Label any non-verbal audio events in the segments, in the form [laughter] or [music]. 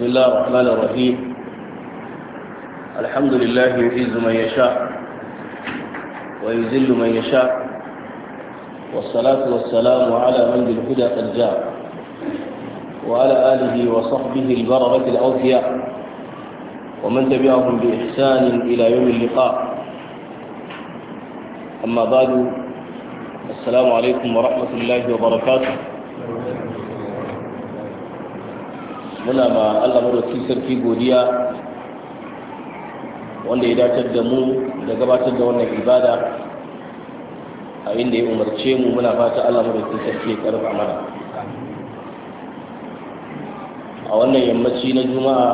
بسم الله الرحمن الرحيم الحمد لله يعز من يشاء ويذل من يشاء والصلاة والسلام على من بالهدى قد جاء وعلى آله وصحبه البررة الأوفياء ومن تبعهم بإحسان إلى يوم اللقاء أما بعد السلام عليكم ورحمة الله وبركاته muna ma Allah madaukakin sarki godiya wanda ya dace da mu da gabatar da wannan ibada a inda ya umarce mu muna fata Allah madaukakin sarki ya karfa mana a wannan yammaci na juma'a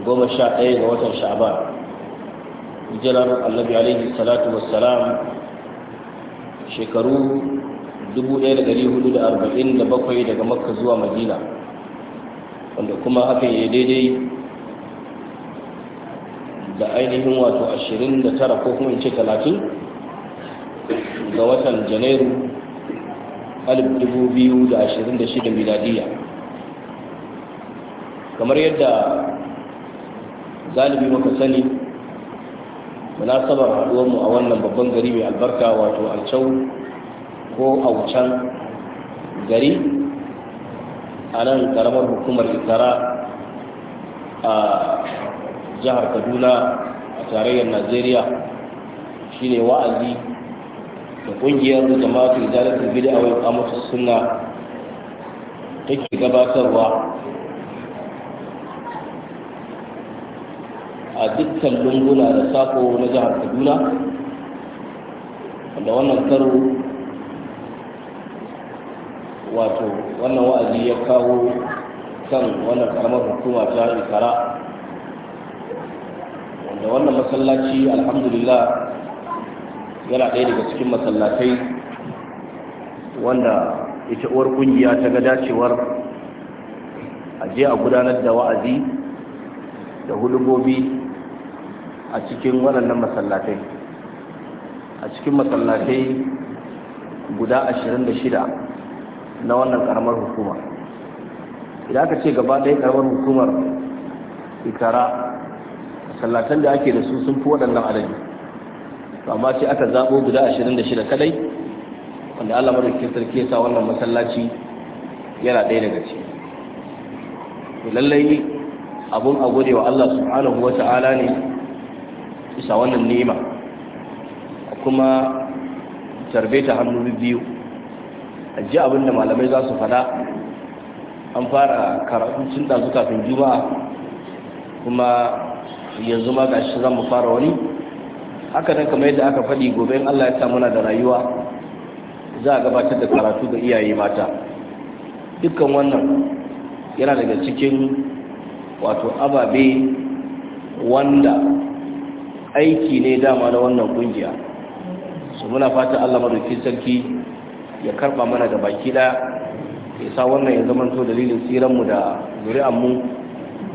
goma sha ɗaya ga watan Sha'aba, hijirar annabi alaihi salatu wassalam shekaru 1447 daga makka zuwa madina wanda kuma hakan ya daidai da ainihin wato 29 ko kuma in ce 30 ga watan janairu 2026 miladiya kamar yadda zalibi muka sani munasabar haduwarmu a wannan babban gari mai albarka wato alcau ko aucan gari a nan karamar hukumar itara a jihar kaduna a tarayyar najeriya shine wa'azi da kungiyar jama'atu izalatul bid'a wa iqamatus sunna take gabatarwa a dukkan lunguna da sako na jihar kaduna wanda wannan karo wato wannan wa'azi ya kawo kan wannan karamar hukuma ta ikara wanda wannan masallaci alhamdulillah yana ɗaya daga cikin masallatai wanda ita uwar kungiya ta ga dacewar aje a gudanar da wa'azi da hulubobi a cikin waɗannan masallatai a cikin masallatai guda ashirin da shida. na wannan karamar hukuma idan aka ce gaba ɗaya karamar hukumar ikara sallatan da ake da su sun fi waɗannan adadi amma sai aka zaɓo guda ashirin da shida kadai wanda allah madaukakin sarki ya sa wannan masallaci yana ɗaya daga ciki lallai abun a gode wa allah subhanahu wa ta'ala ne bisa wannan nema kuma tarbe ta hannu biyu a ji abin da malamai za su fada an fara karatun sun su kafin juma'a kuma yanzu ma ga shi zama fara wani haka nan kamar yadda aka faɗi gobe allah ya sa muna da rayuwa za a gabatar da karatu ga iyaye mata dukkan wannan yana daga cikin wato ababe wanda aiki ne dama na wannan kungiya su muna fata allah madaukin sarki ya karba mana da baki da ya sa wannan ya zama to dalilin mu da mu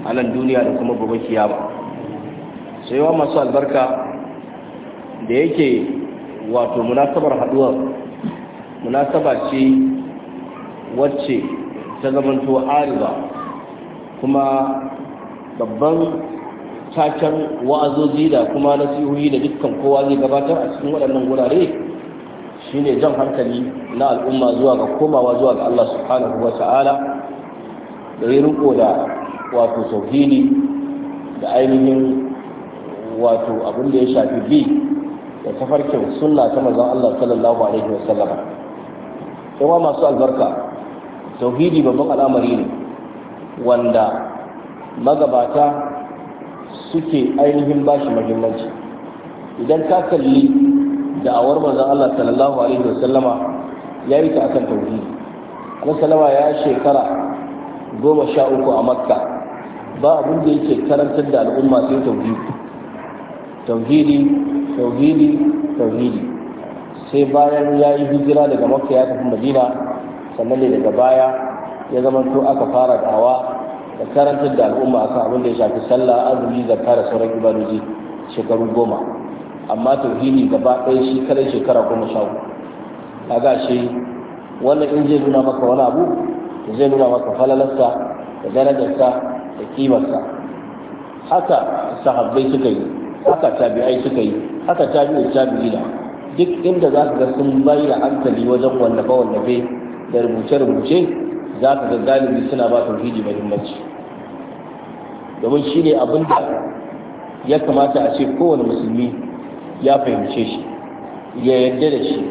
a nan duniya da kuma gobe kiyama sai yawa masu albarka da yake wato munasabar haduwar munasaba ce wacce ta zama to arewa kuma babban taken wa'azoji da kuma nasihohi da dukkan kowa zai gabatar a cikin waɗannan wurare shine jan hankali na al'umma zuwa ga komawa zuwa ga Allah subhanahu wa ta'ala da ya riko da wato tauhidi da ainihin wato abin da ya shafi bi da tafarkin sunna ta manzon Allah sallallahu alaihi wa kuma masu albarka tauhidi babban al'amari ne wanda magabata suke ainihin bashi muhimmanci idan ka kalli da'awar manzon Allah sallallahu alaihi sallama ya yi ta akan tauhidi kuma salama ya shekara goma sha uku a makka ba abin da yake karantar da al'umma sai tauhidi tauhidi tauhidi tauhidi sai bayan ya yi hijira daga makka ya tafi madina sannan ne daga baya ya zama to aka fara da'awa da karantar da al'umma akan abin da ya shafi sallah azumi zakka da sauran ibadoji shekaru goma amma tauhidi gaba ɗaya shi kare shekara goma sha uku kaga shi wannan in zai nuna maka wani abu da zai nuna maka falalarsa da darajarsa da kimarsa haka sahabbai suka yi haka tabi'ai suka yi haka tabi'i da duk inda za ka ga sun bai da hankali wajen wallafe wallafe da rubuce-rubuce za ka ga galibi suna ba tauhidi muhimmanci domin shi ne abin da ya kamata a ce kowane musulmi ya fahimce shi ya yadda da shi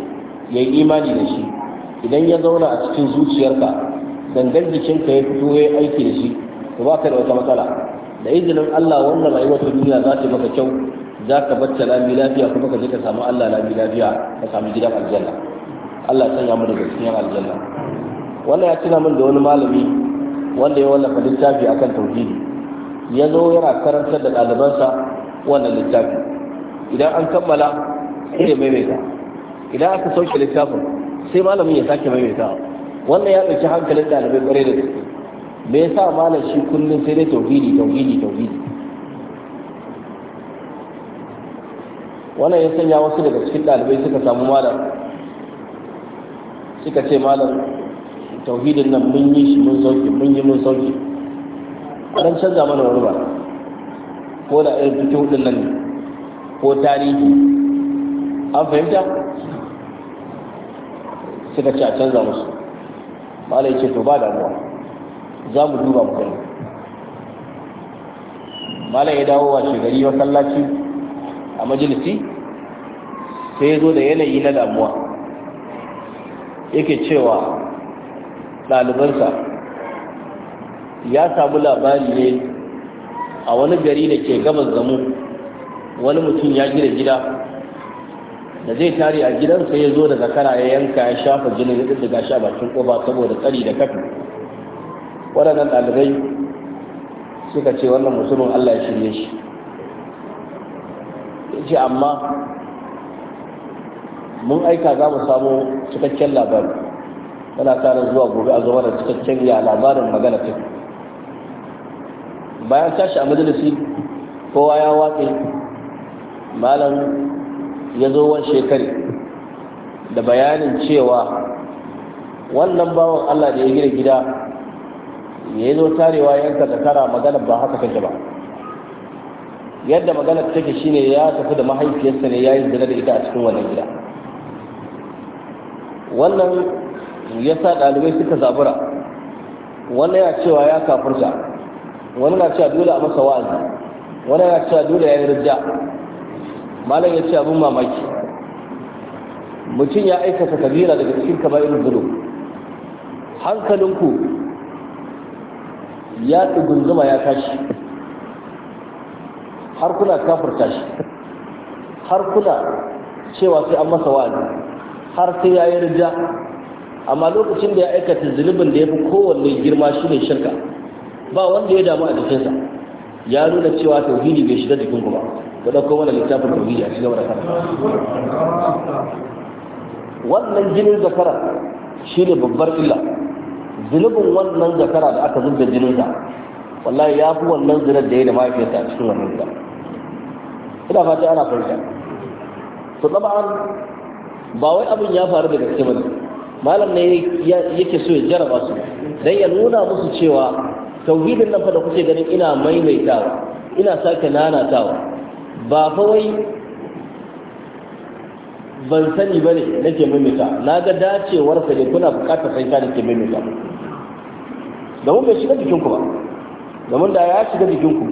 ya yi imani da shi idan ya zauna a cikin zuciyarka dangar jikinka ya fito ya aiki da shi to ba ka da wata matsala da izinin Allah wannan rayuwar duniya za ta maka kyau za ka bacci lami lafiya kuma ka je ka samu Allah lami lafiya ka samu gidan aljanna Allah ya sanya mu da cikin aljanna wannan ya tuna min da wani malami wanda ya wallafa littafi akan tauhidi ya zo yana karantar da ɗalibansa wannan littafi idan an kammala sai ya maimaita idan aka sauke littafin sai malamin ya sake maimaita wannan ya ɗauki hankalin ɗalibai ƙwarai da gaske me yasa malam shi kullum sai dai tauhidi tauhidi tauhidi wannan ya sanya wasu daga cikin ɗalibai suka samu malam suka ce malam tauhidin nan mun yi shi mun sauki mun yi mun sauki ɗan canza mana wani ba ko da irin fito ɗin nan ne ko tarihi an fahimta suka ce a canza musu malai ce to ba damuwa za mu duba mu kai malai ya dawo washe gari masallaci a majalisi sai ya zo da yanayi na damuwa yake cewa ɗalibansa ya samu labari ne a wani gari da ke gabas da mu wani mutum ya gina gida da zai tare a gidansa ya zo da zakara ya yanka ya shafa jinin ya ɗiga shi a bakin ƙofa saboda tsari da kafi waɗannan ɗalibai suka ce wannan musulmin allah ya shirye shi ya ce amma mun aika za mu samu cikakken labari tana tsarin zuwa gobe a zama da cikakken ya labarin magana ta bayan tashi a majalisi kowa ya watsa malam ya zo wani shekari da bayanin cewa wannan bawan allah da ya gina gida ya yi zo tarewa yanka zakara maganar ba haka kake ba yadda maganar take shine ya tafi da mahaifiyarsa ne ya yi zina da ita a cikin wannan gida wannan ya sa ɗalibai suka zabura wani ya cewa ya kafurta wani na cewa dole a masa wa'azi wani na cewa dole ya yi rija malam ya ce abin mamaki mutum ya aikata kabira daga cikin kaba'in zulum hankalinku ya tsugunzuma ya tashi har kuna kafurta shi har kuna cewa sai an masa wani. har sai ya yi rija amma lokacin da ya aikata zulubin da ya fi kowanne girma shi ne shirka ba wanda ya damu a jikinsa ya nuna cewa tauhidi bai shiga jikin ba Ka ɗauko mana littafin rubiya a cikin da karanta wannan jinin zakara shi ne babbar illa zunubin wannan zakara da aka zubda jinin da wallahi ya fi wannan zinar da ya da mahaifiyarsa a cikin wannan zakara ina fata ana fahimta to tsaba'an ba wai abin ya faru da gaske ba malam ne yake so ya jaraba su dan ya nuna musu cewa tauhidin nan fa da kuke ganin ina maimaitawa ina sake nanatawa ba kawai ban sani ba ne ke mimita na ga dacewar sa ne kuna bukatar sai ka ke mimita mun bai shiga jikinku ba domin da ya shiga jikinku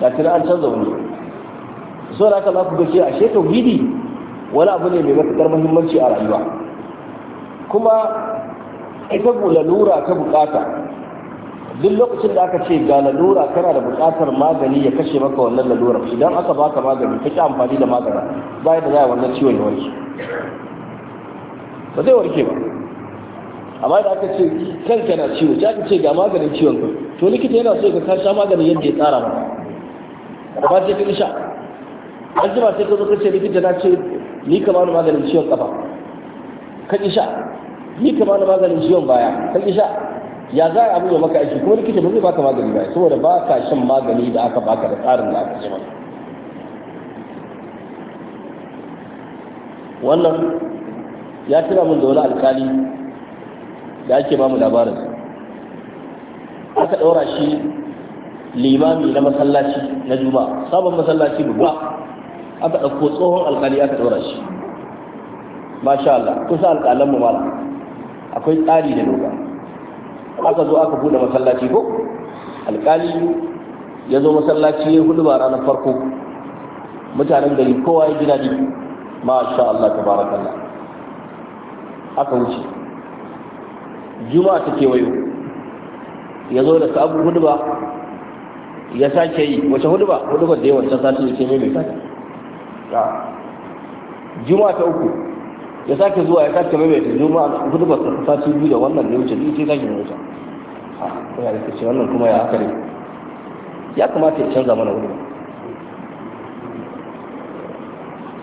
ta tira an canza wani so da aka za ku a ashe tauhidi wani abu ne mai matuƙar muhimmanci a rayuwa kuma ita lura ta bukata duk lokacin da aka ce ga lalura kana da buƙatar magani ya kashe maka wannan lalura idan aka baka magani kake amfani da magana bai da zai wannan ciwon ya warke ba zai warke ba amma da aka ce kan kana ciwo ta ce ga maganin ciwon ka to likita yana so ka ka sha maganin yadda ya tsara maka ba sai ka sha an ba sai ka zo ka ce likita na ce ni ka bani maganin ciwon kafa ka ki sha ni ka bani maganin ciwon baya ka ki sha ya za a abu ya maka aiki kuma likita ba zai baka magani ba saboda ba ka shan magani da aka baka da tsarin da aka jima wannan ya tura mun da wani alkali da ake ba mu labarin aka ɗaura shi limami na masallaci na juma'a sabon masallaci babba aka ɗauko tsohon alkali aka ɗaura shi masha Allah kusa alƙalan mu mala akwai tsari da doka aka zo aka bude masallaci ko alƙali ya zo masallaci ya hudu ba ranar farko mutanen gari kowa ya gina ji ma sha Allah kalla. aka wuce juma'a ta kewayo ya zo da sabu hudu ba ya sake yi wace hudu ba hudu ba da yawan sassa ta ce mai mai sake juma'a ta uku ya sake zuwa ya sake maimaita a hudu ba sati biyu da wannan da wuce duk sai mota maimaita a kuma da ce wannan kuma ya haka ne ya kamata ya canza mana wuri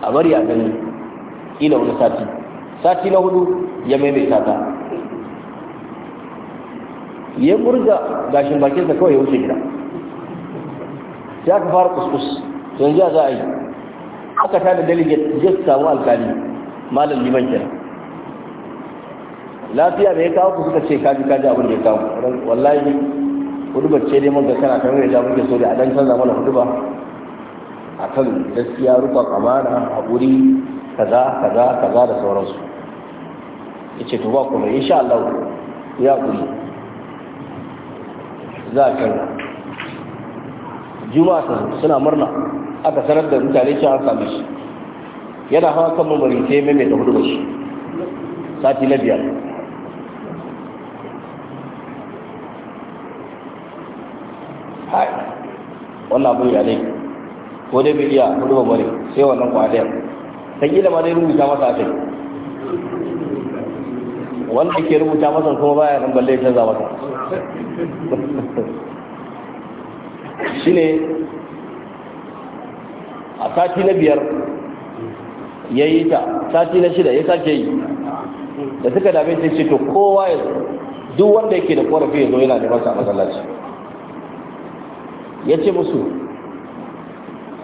a bari a gani kila wani sati sati na hudu ya maimaita ta ya murga gashin bakinsa kawai ya wuce gida sai aka fara kuskus yanzu za a yi aka tada delegate ya samu alkali malam liman kenan lafiya da ya kawo ku suka ce kaji kaji abin da ya kawo wallahi hudubar ce dai mun ga kana kan rai da muke so da a dan canza mana huduba kan gaskiya rufa amana haƙuri kaza kaza kaza da sauransu ya ce tuba kuma insha Allah ya guri za a canza juma'a suna murna aka sanar da mutane cewa an same shi yana hawa kan mamari sai mai mai da hudu shi sati na biyar hai wannan abu ya ne ko dai bai iya hudu mamari sai wannan kwa ta gina ma dai rubuta masa a kai wanda ke rubuta masa kuma baya nan balle ta canza masa ne a sati na biyar ya yi ta sati na shida ya sake yi da suka dame sai ce to kowa ya duk wanda yake da korafi ya zo yana da masa masallaci ya ce musu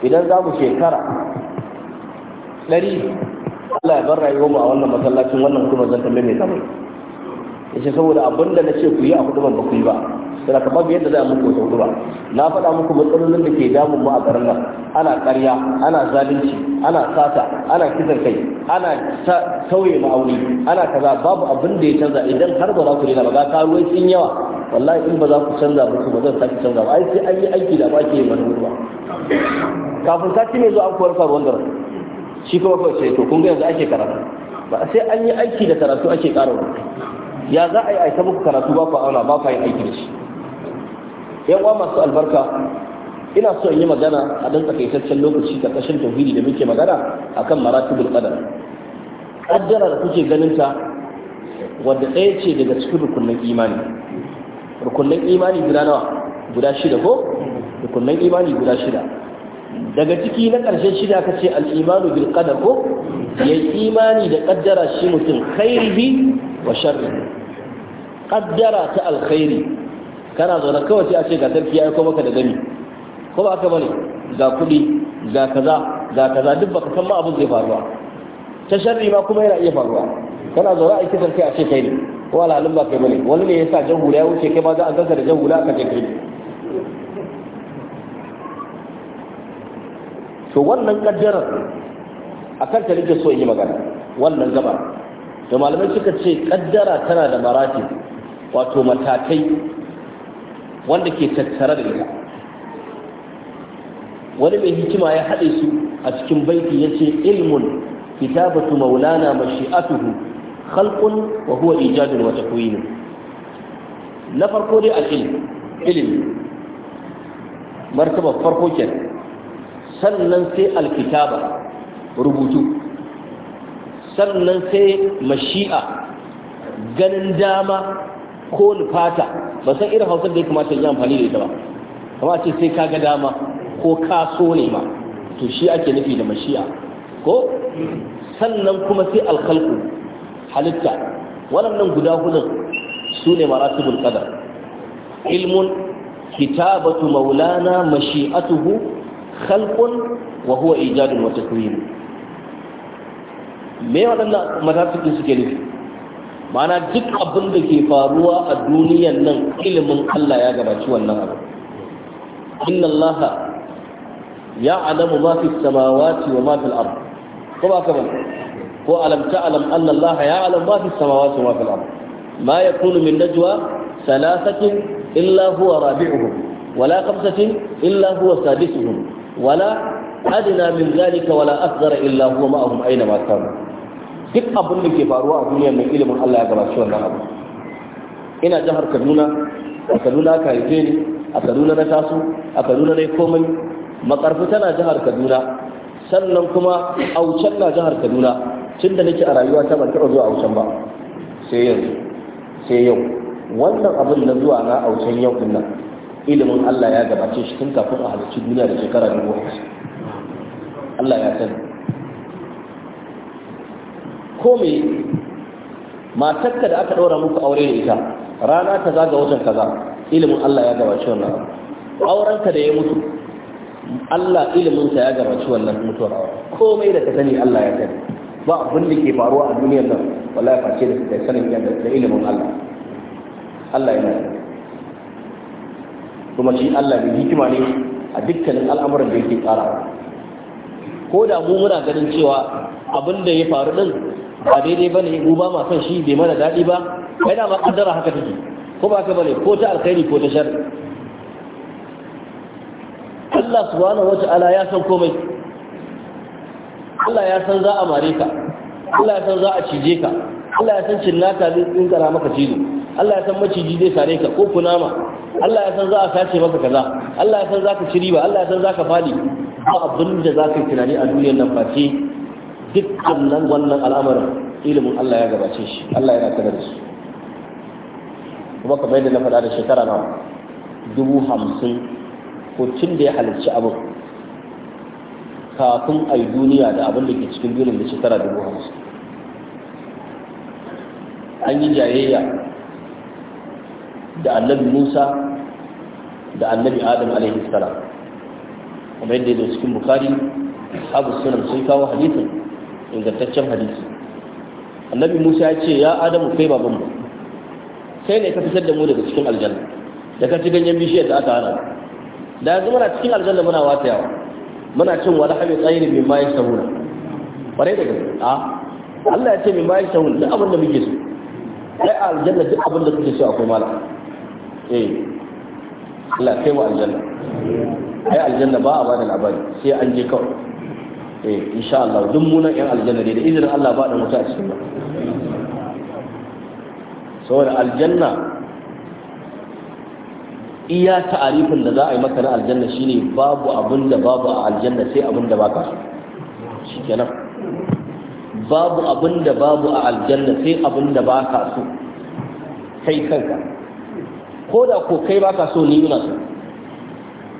idan za mu shekara ɗari Allah ya bar rayuwa mu a wannan masallacin wannan kuma zan tambaye mai kamar yace saboda abin da nace ku yi a hudu ba ku yi ba sai ka babu yadda za a muku wata hudu ba na faɗa muku matsalolin da ke damun mu a garin nan ana ƙarya ana zalunci ana sata ana kisan kai ana sauye ma'auni ana kaza babu abin da ya canza idan har ba za ku daina ba ga karuwai sun yawa wallahi in ba za ku canza ba ku ba zan sake canza ba ai sai an yi aiki da ba ke mana hudu ba kafin sati mai zuwa an kuwar faruwan da shi kuma kawai sai to kun ga yanzu ake karatu ba sai an yi aiki da karatu ake ƙara ya za a yi aika muku karatu ba ku auna ba ku yi aiki da shi yan uwa masu albarka ina so in yi magana a dan takaitaccen lokaci karkashin tauhidi da muke magana akan maratibul qadar kaddara da kuke ganin ta wanda ɗaya ce daga cikin rukunin imani rukunin imani guda nawa guda shida ko rukunin imani guda shida daga ciki na ƙarshen shida aka ce al'imanu bil qadar ko ya imani da ƙaddara shi mutum khairihi wa sharrihi kaddara ta alkhairi kana zaune kawai sai a ce ga sarki ya aiko maka da gami ko ba ka bane ga kuɗi ga kaza ga kaza duk baka san ma abin zai faruwa ta sharri ma kuma yana iya faruwa kana zaune a kisan kai a ce kai ne ko alhalin ba kai bane wani ne ya sa jan hula ya wuce kai ma za a gaza da jan hula aka ce kai to wannan kaddarar a kan ta nake so in yi magana wannan gaba to malamai suka ce kaddara tana da maratib wato matakai wanda ke tattara da ita wani mai hikima ya haɗe su a cikin baiti ya ce ilmun kitabatu maulana mashi'atuhu khalqun wa huwa ijadun wa takwinun na farko dai a ilm ilimi martaba farko kenan sannan sai alkitaba rubutu sannan sai mashi'a ganin dama ko lufata ba san irin hausar da ya kamata yi amfani da ita ba kama ce sai ka ga dama ko ka so ne ma to shi ake nufi da mashiya. ko sannan kuma sai alkalku halitta waɗannan guda hudun su ne maratibul qadar ilmun kitabatu maulana mashi'atuhu khalqun wa huwa ijadun wa takwin me waɗannan maratibin suke nufi mana duk abin da ke faruwa a duniyan nan ilimin Allah ya gabaci wannan abu inna Allah ya alamu ma fi samawati wa ma fil ard ko ba ka bane ko alam ta'lam anna Allah ya alamu ma fi samawati wa ma fil ard ma yakunu min najwa thalathatin illa huwa rabi'uhum wala khamsatin illa huwa sadisuhum wala adna min dhalika wala asghara illa huwa ma'ahum aina ma kanu duk abin da ke faruwa a duniya mai ilimin Allah ya gabaci wannan abu ina jihar Kaduna a Kaduna ka yi ni a Kaduna na taso a Kaduna na komai makarfi tana jihar Kaduna sannan kuma Aucen na jihar Kaduna tun da nake a rayuwa ta ban taɓa zuwa Aucen ba sai yau sai yau wannan abin na zuwa na Aucen yau din nan ilimin Allah ya gabace shi tun kafin a halarci duniya da shekara dubu Allah ya sani ko me matarka da aka ɗora muku aure da ita rana ta zaga wajen kaza ilimin Allah ya gabaci wannan aurenka da ya mutu Allah iliminsa ya gabaci wannan mutuwar komai da ka sani Allah ya sani ba abin da ke faruwa a duniyar nan wallahi face da sanin yadda da ilimin Allah Allah ya yana kuma shi Allah mai hikima ne a dukkanin al'amuran da yake tsara ko da mu muna ganin cewa abin da ya faru din ba daidai ba ne mu ba ma son shi bai mana daɗi ba kai da ma haka take ko ba ka bane ko ta alkhairi ko ta shari Allah subhanahu wata'ala ya san komai Allah ya san za a mare ka Allah ya san za a cije ka Allah ya san cinnaka zai tsinkara maka cizo Allah ya san maciji zai sare ka ko kunama Allah ya san za a sace maka kaza Allah ya san za ka ci riba Allah ya san za ka fadi ba abin da za ka yi tunani a duniyar nan face dukkan nan wannan al'amarin ilimin Allah ya gabace shi Allah yana sanar da su kuma kamar yadda na faɗa da shekara na dubu hamsin ko tun da ya halarci abin kafin a yi duniya da abin da ke cikin duniya da shekara dubu hamsin an yi jayayya da annabi musa da annabi adam alaihi salam kuma yadda ya cikin bukari abu sunan sun kawo hadisin ingantaccen hadisi annabi musa ya ce ya adamu kai babanmu sai ne ka fitar da mu daga cikin aljanna da ka ci ganyen bishiyar da aka hana da yanzu muna cikin aljanna muna watayawa muna cin wani haɓe tsayin mai mayan sahuna ƙwarai da gaske a Allah ya ce mai mayan sahuna duk abin da muke so ai a aljanna duk abin da kuke so akwai mala eh Allah kai mu aljanna ai aljanna ba a da labari sai an je kawai eh insha Allah duk muna yan aljanna ne da izinin Allah ba da wuta a cikin ba saboda aljanna iya ta'arifin da za a yi maka na aljanna shine babu abin da babu a aljanna sai abin da baka so shikenan babu abin da babu a aljanna sai abin da baka so kai kanka ko da ko kai baka so ni ina so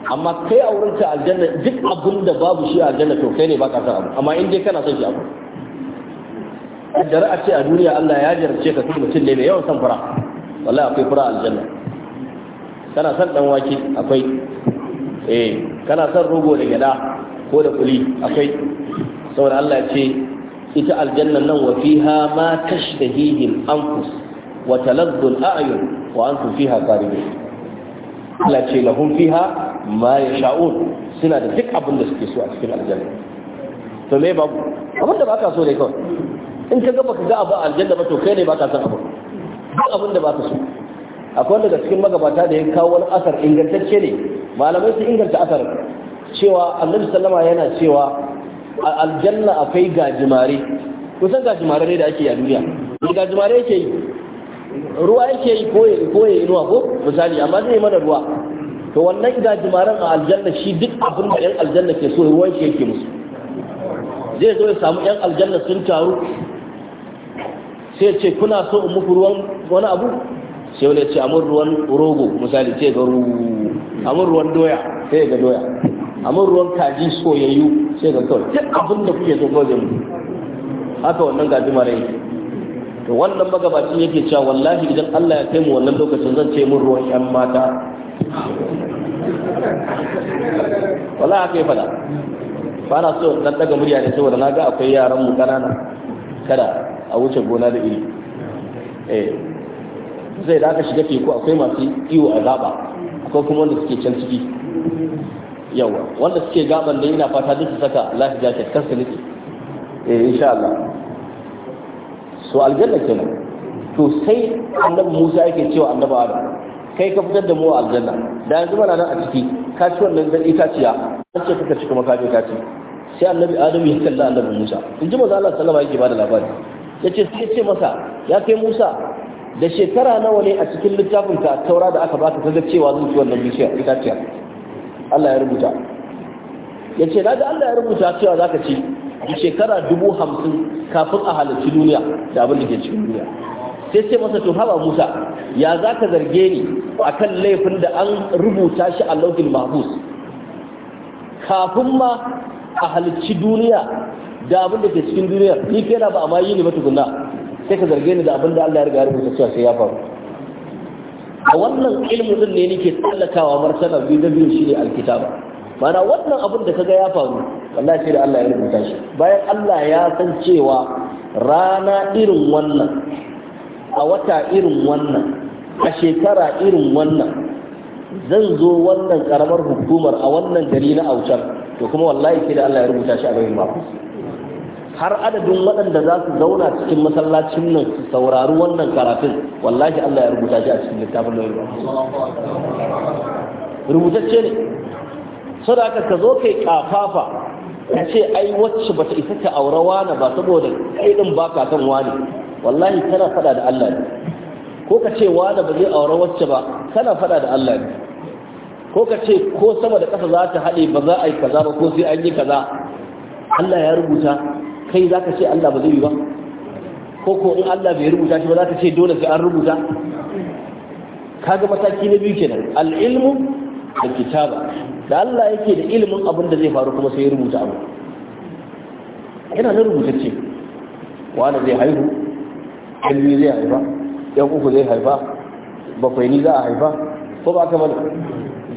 amma kai a wurinka aljanna duk abin da babu shi aljanna to kai ne ba ka san abu amma in dai kana son shi abu kaddara a ce a duniya Allah ya jarce ka kuma mutum ne mai yawan san fara wallahi akwai fara aljanna kana son dan wake akwai eh kana son rogo da gyada ko da kuli akwai saboda Allah ya ce ita aljanna nan wa fiha ma tashtahihi al-anfus wa taladdu al-a'yun wa antum fiha qaribun Allah ce lahum fiha ma yasha'un suna da duk abin da suke so a cikin aljanna to me babu abin da baka so ne kawai in ka ga baka ga abu a aljanna ba to kai ne baka san abu duk abin da baka so akwai daga cikin magabata da ya kawo wani asar ingantacce ne malamai su inganta asar cewa annabi sallama yana cewa a aljanna akwai gajimare kusan gajimare ne da ake yi a duniya ne gajimare yake yi ruwa yake yi ko ya inuwa ko misali amma zai mana ruwa to wannan gajimaran a aljanna shi duk abin da yan aljanna ke so ruwan shi yake musu zai zo ya samu yan aljanna sun taru sai ce kuna so in muku ruwan wani abu sai wani ce amin ruwan rogo misali ce ga ru amin ruwan doya sai ga doya amin ruwan kaji soyayyu sai ga kawai duk abin da kuke so kawai mu haka wannan gajimaran yake to wannan magabacin yake cewa wallahi idan Allah ya kai mu wannan lokacin zan ce mun ruwan yan mata Wala akwai fada ba na so dan daga murya ne saboda na ga akwai yaran mu kanana kada a wuce gona da iri eh sai da aka shiga teku akwai masu iwo a gaba akwai kuma wanda suke can ciki yawa wanda suke gaban da ina fata duk su saka life jacket kansu nake eh insha Allah so aljanna kenan to sai annabi Musa yake cewa annabawa Adam kai ka fitar da mu a aljanna da yanzu mana nan a ciki ka ci wannan zan itaciya an ce kuka cika makafi ka ci sai annabi adam ya kalla annabi musa in ji maza Allah sallama yake bada labari ya ce sai ce masa ya kai musa da shekara nawa ne a cikin littafin taura da aka baka ga cewa zan ci wannan bishiya itaciya Allah ya rubuta ya ce na ga Allah ya rubuta cewa za ka ci shekara dubu hamsin kafin a halarci duniya da abin da ke cikin duniya sai ce masa to haba Musa ya za ka zarge ni akan laifin da an rubuta shi a laukin mahfuz kafin ma a halicci duniya da abin da ke cikin duniya ni kai na ba amma yi ne tukuna, sai ka zarge ni da abin da Allah ya riga rubuta cewa sai ya faru a wannan ilmu din ne nake tsallakawa martaba biyu da biyu shine alkitaba mana wannan abin da kaga ya faru wallahi sai da Allah ya rubuta shi bayan Allah ya san cewa rana irin wannan a wata irin wannan a shekara irin wannan zan zo wannan karamar hukumar a wannan gari na aucar to kuma wallahi sai da Allah ya rubuta shi a bayin mako har adadin waɗanda za su zauna cikin masallacin nan su saurari wannan karatun wallahi Allah ya rubuta shi a cikin littafin nan rubutacce ne saboda ka zo kai kafafa ka ce ai wacce bata isa ta aure wani ba saboda kai din baka kan wani wallahi kana fada da Allah ne ko ka ce wani ba zai aure wacce ba kana fada da Allah ne ko ka ce ko sama da ƙasa za ta haɗe ba za a yi kaza ba ko sai an yi kaza Allah ya rubuta kai za ka ce Allah ba zai yi ba ko ko in Allah bai rubuta shi ba za ka ce dole sai an rubuta kaga mataki na biyu kenan al-ilmu alkitaba da Allah yake da ilimin abin da zai faru kuma sai ya rubuta abu yana nan rubutacce wani zai haihu ɗan zai haifa yan uku zai haifa bakwai ni za a haifa ko ba ka mana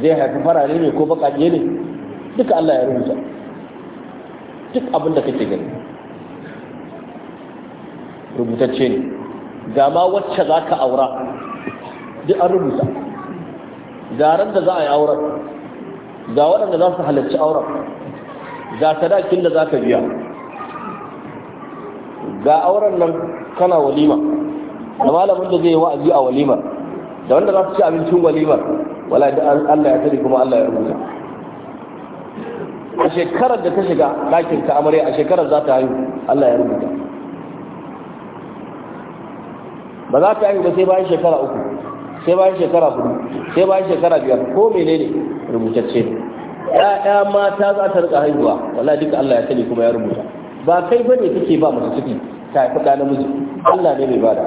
zai haifa farare ne ko baƙaƙe ne duka Allah ya rubuta duk abin da kake gani rubutacce ne ga ma wacce za ka aura duk an rubuta ga ran da za a yi auren ga waɗanda za su halarci auren ga sadakin da za ka biya ga auren nan kana walima da malamin da zai yi wa'azi a walimar da wanda za su ci abincin walimar wala da Allah ya tare kuma Allah ya rubuta a shekarar da ta shiga ɗakin ta amarya a shekarar za ta haihu Allah ya rubuta ba za ta haihu ba sai bayan shekara uku sai bayan shekara hudu sai bayan shekara biyar ko menene rubutacce Ƴaƴa mata za ta rika haihuwa wallahi duka Allah ya sani kuma ya rubuta ba kai bane kake ba masu ciki ta fi ɗa namiji Allah ne mai bada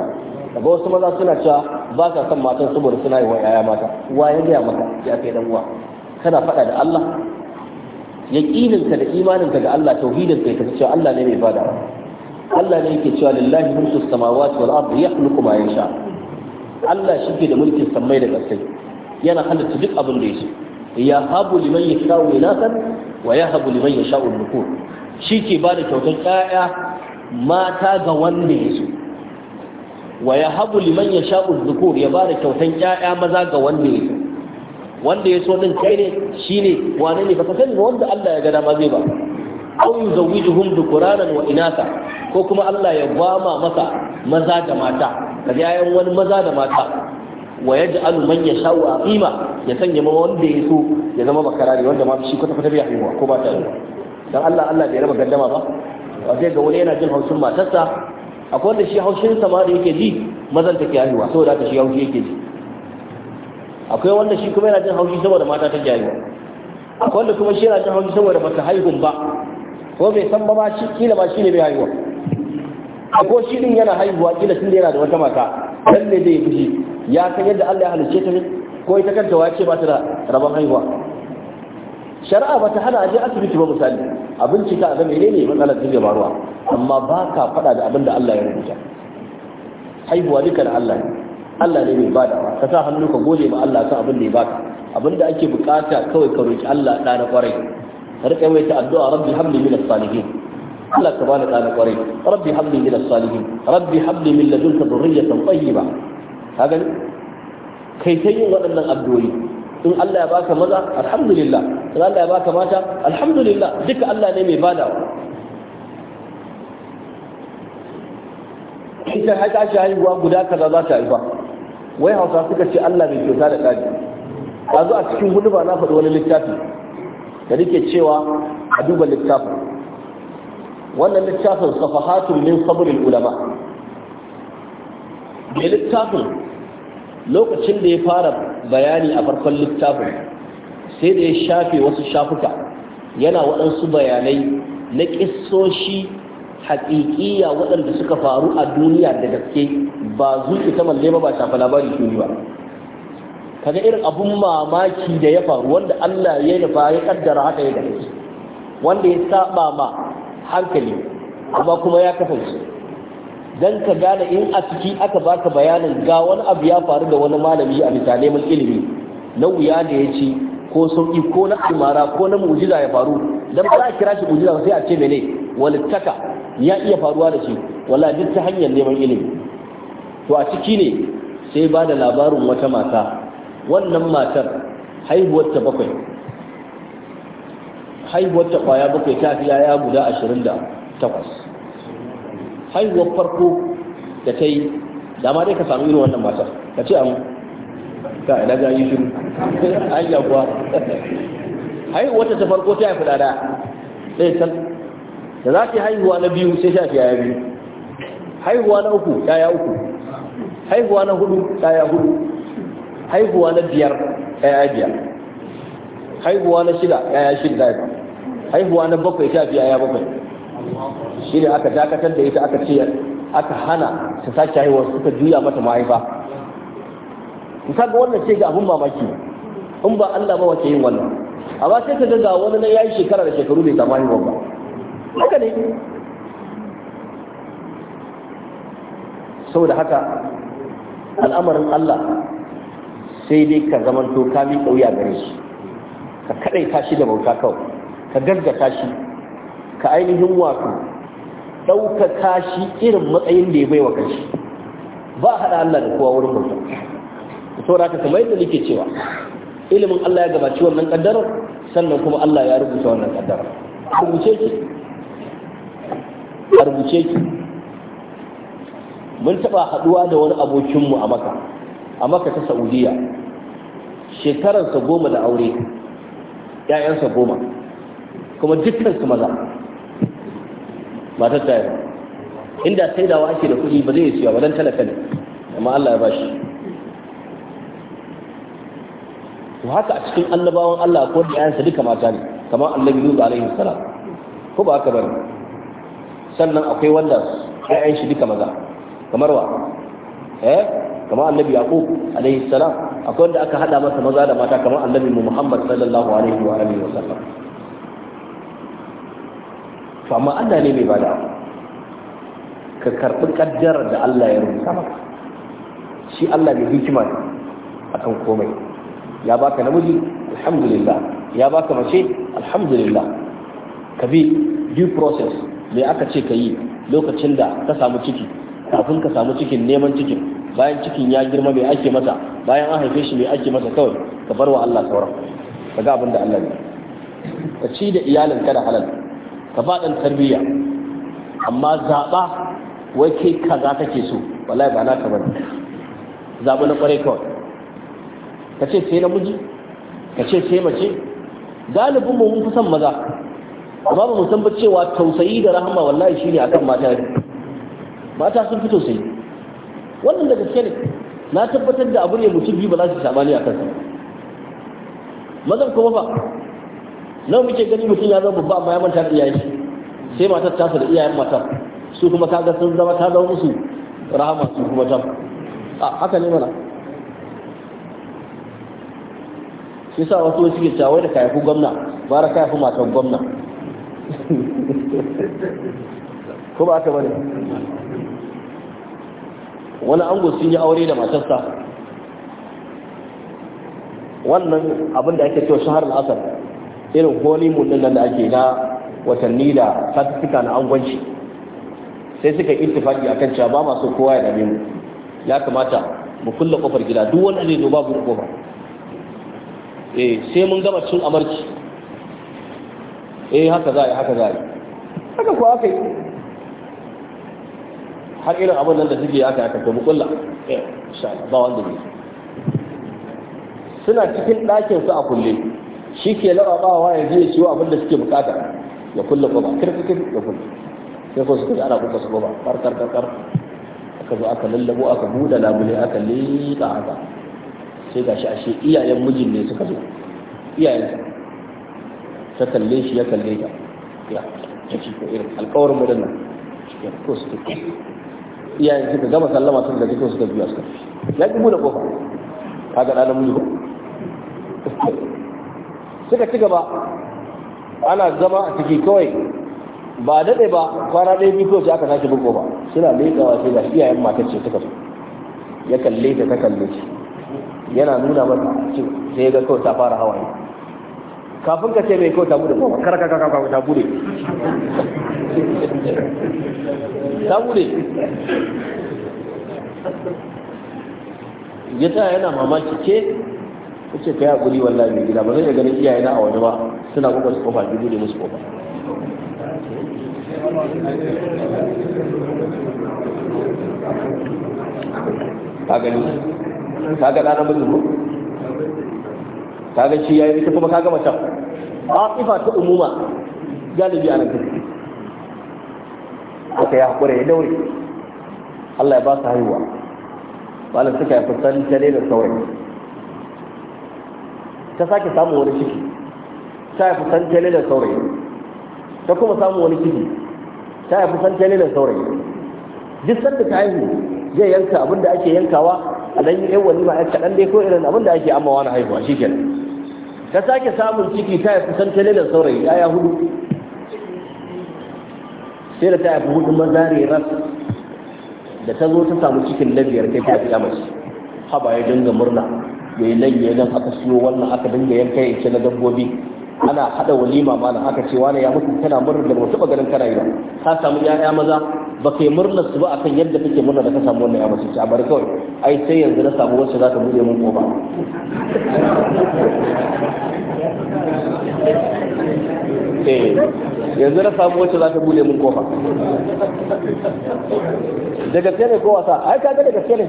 daga wasu maza suna cewa ba ka son matan saboda suna yi wa yaya mata wa ya gaya maka ya kai dan uwa kana faɗa da Allah yaqininka da imaninka ga Allah tauhidinka ya cewa Allah ne mai bada Allah ne yake cewa lillahi mulku samawati wal ardi yakhluqu ma yasha Allah shi ke da mulkin sammai da ƙasai yana halitta duk abin da ya so ya habu liman ya sha'u inasan wa ya habu liman ya sha'u nukur shi ke ba da kyautar ƴaƴa mata ga wanda ya so wa ya habu liman ya sha'u zukur ya ba da kyautar ƴaƴa maza ga wanda ya so wanda ya so din kai ne shi shine wane ne ba baka sani wanda Allah ya ga dama zai ba aw yuzawwijuhum dhukuranan wa inatha ko kuma Allah ya gwama masa maza da mata ka wani maza da mata wa ya yaj'alu man wa aqima ya sanya ma wanda ya so ya zama bakarare wanda ma shi kwata kwata bai haihuwa ko ba ta haihuwa Don Allah Allah bai raba gandama ba a zai ga wani yana jin haushin matarsa akwai wanda shi haushin sama da yake ji mazan take haihuwa saboda haka shi haushi yake ji akwai wanda shi kuma yana jin haushi saboda mata ta haihuwa akwai wanda kuma shi yana jin haushi saboda bata haihun ba ko bai san ba ma shi kila ba shi ne bai haihuwa a ko shi din yana haihuwa kila tun da yana da wata mata dan ne zai fushi ya san yadda Allah ya halicce ta ne ko ita kanta wace ba ta da rabon haihuwa shari'a ba ta hana aje asibiti ba misali a bincika a ga menene matsalar da ba ruwa. amma ba ka faɗa da abin da Allah ya rubuta haihuwa duka da Allah ne Allah ne mai bada. ka sa hannu ka gode ma Allah kan abin da ya baka abin da ake bukata kawai ka roki Allah da na kwarai ka rika mai ta addu'a rabbi hamli min as-salihin Allah ka bani ɗana ƙwarai rabbi habli min salihin rabbi habli min ladunka dhurriyatan tayyiba ka gani kai ta yin waɗannan addu'o'i in Allah ya baka maza alhamdulillah in Allah ya baka mata alhamdulillah duka Allah ne mai badawa ita haka shi haihuwa guda kaza za ta haifa wai hausa suka ce Allah mai kyauta da ɗaji a zo a cikin hudu ba na faɗi wani littafi da cewa a duba littafin wannan littafin safahatun min sabrul ulama da littafin lokacin da ya fara bayani a farkon littafin sai da ya shafe wasu shafuka yana waɗansu bayanai na ƙisoshi haƙiƙiya waɗanda suka faru a duniya da gaske ba zuƙi ita malle ba ba shafa labari shuni ba kaga irin abun mamaki da ya faru wanda Allah ya nufa ya kaddara haka ya gaske wanda ya saba ma hankali amma kuma ya kasance dan ka gane in a ciki aka baka bayanin ga wani abu ya faru da wani malami a bisa neman ilimi na wuya da ya ci ko sauƙi ko na almara ko na mu'jiza ya faru dan ba za a kira shi mu'jiza sai a ce mene taka. ya iya faruwa da shi wala duk ta hanyar neman ilimi to a ciki ne sai ba da labarin wata mata wannan matar haihuwar ta bakwai haihuwar ta kwaya bakwai ta fi yaya guda ashirin da takwas haihuwar farko da ta yi dama dai ka samu irin wannan matar ka ce an ka ina ga yi shiru [laughs] an [laughs] haihuwar ta farko ta haifi dada ɗaya ta da za ta haihuwa na biyu sai shafi yaya biyu haihuwa na uku yaya uku haihuwa na hudu yaya hudu haihuwa na biyar yaya biyar haihuwa na shida yaya shida ya haihuwa na bakwai ta biya ya bakwai shi ne aka dakatar da ita aka ce aka hana ta sake haihuwa suka juya mata mahaifa ka ga wannan ce ga abun mamaki in ba Allah ba wace yin wannan amma sai ka ga wani na yayi shekara da shekaru bai samu haihuwa ba haka ne saboda haka al'amarin Allah sai dai ka zamanto ka mi kauya gare shi ka kaɗai shi da bauta kawai ka gaggata shi ka ainihin wato ɗaukaka shi irin matsayin da ya baiwa kanshi ba haɗa Allah da kowa wurin bauta saboda ka kamar yadda nake cewa ilimin Allah ya gabaci wannan ƙaddarar, sannan kuma Allah ya rubuta wannan kaddarar rubuce ki a rubuce ki mun taɓa haɗuwa da wani abokinmu a maka a maka ta Saudiyya, shekararsa goma da aure ‘ya'yansa goma kuma dukkan maza matar ta yi inda sai dawa ake da kuɗi ba zai siya ba don talaka ne amma Allah ya bashi to haka a cikin annabawan Allah ko da ayansa duka mata ne kamar annabi Nuhu alaihi salam ko ba haka bane sannan akwai wanda ayan shi duka maza kamar wa eh kamar annabi Yaqub alaihi salam akwai wanda aka hada masa maza da mata kamar annabi Muhammad sallallahu alaihi wa alihi wa sallam to amma Allah ne mai bada ka karɓi kaddar da Allah ya rubuta maka shi Allah mai hikima akan komai ya baka namiji alhamdulillah ya baka mace alhamdulillah ka bi due process me aka ce ka yi lokacin da ka samu ciki kafin ka samu cikin neman cikin bayan cikin ya girma mai ake masa bayan an haife shi mai ake masa kawai ka bar wa Allah sauran ka ga abin Allah ne ka ci da iyalin ka da halal ka faɗin tarbiyya amma zaɓa wai ke kaza kake so wallahi ba ka bane zaɓi na ƙwarai kawai ka ce sai namiji ka ce sai mace galibin mu mun fi son maza amma ba mu san ba cewa tausayi da rahama wallahi shine akan mata mata sun fi tausayi wannan da gaske ne na tabbatar da abu ne mutum biyu ba za su sabani a kansa mazan kuma ba nan muke gani mutum ya zama babba amma ya manta da iyayen sai matar tasa da iyayen matar su kuma kaga sun zama ta zama musu rahama su kuma ta a haka ne mana shi sa wasu wasu ke cewa da kayafu gwamna da kayafu matan gwamna ko ba aka bane wani ango sun yi aure da matarsa wannan abin da ake cewa shahar al'asar irin honeymoon din nan da ake na watanni da satuttuka na angwanci sai suka yi ittifaki akan cewa ba masu kowa ya dame mu ya kamata mu kulle kofar gida duk wani zai zo babu kofa eh sai mun gama cin amarci eh haka za a yi haka za a yi haka ko aka yi har irin abin nan da suke aka aka mu kulla eh insha Allah ba wanda ne suna cikin ɗakin su a kulle shi ke larabawa ya je ciwo abin da suke bukata ya kulle goma kirkikin ya kulle sai ko suka ana kuka su goma kar kar kar kar aka zo aka lallabo aka buɗe labule aka leƙa haka sai gashi ashe iyayen mijin ne suka zo iyayen ta kalle shi ya kalle ta ya ta ci ko irin alƙawarin mu dinnan ya ko su ta iyayen suka gama sallama sun da ko suka biya suka ya ki buɗe kofa kaga ɗan namiji ba suka ci gaba ana zama a ciki kawai ba daɗe ba kwana ɗaya biyu kawai aka sake bugo ba suna leƙawa sai ga iyayen matar ce suka zo ya kalle ta ta kalle shi yana nuna mata sai ga kawai ta fara hawaye kafin ka ce mai kawai ta bude kuma kar ka kawai ta bude [laughs] ta bude ya yana mamaki ke yace kai hakuri wallahi mai gida ba zai ga ganin iyayena a wani ba suna kuma su kofa ki bude musu kofa ka gani ka ga dana mutum ko ka ga shi yayi ita kuma ka ga a ifa ta umuma galibi a nan take aka ya hakuri ya daure Allah ya ba su haihuwa na suka yi fusan dare da saurayi ta sake samun wani ciki ta yi san talilan saurayi ta kuma samun wani ciki ta yi san talilan saurayi duk sanda ta haihu zai yanka abin da ake yankawa a dan yi yan walima yanka dan dai ko irin abin da ake amawa na haihuwa shi kenan ta sake samun ciki ta yi san talilan saurayi ya hudu sai da ta yi hudu maza ras, da ta zo ta samu cikin labiyar kai ta fi mace haba ya dinga murna ya yi nan ya yi nan aka siyo wannan aka dinga yanka ya ce na dabbobi ana hada walima na aka ce wani ya mutu kana murna da wata ganin kana yi ba ka samu ya'ya maza ba kai murna su ba akan yadda kake murna da ka samu wannan ya mace a bari kawai ai sai yanzu na samu wacce za ta buɗe mun ko ba Eh, yanzu na samu wacce za ta bude mun kofa da gaske ne ko wasa ai kaga da gaske ne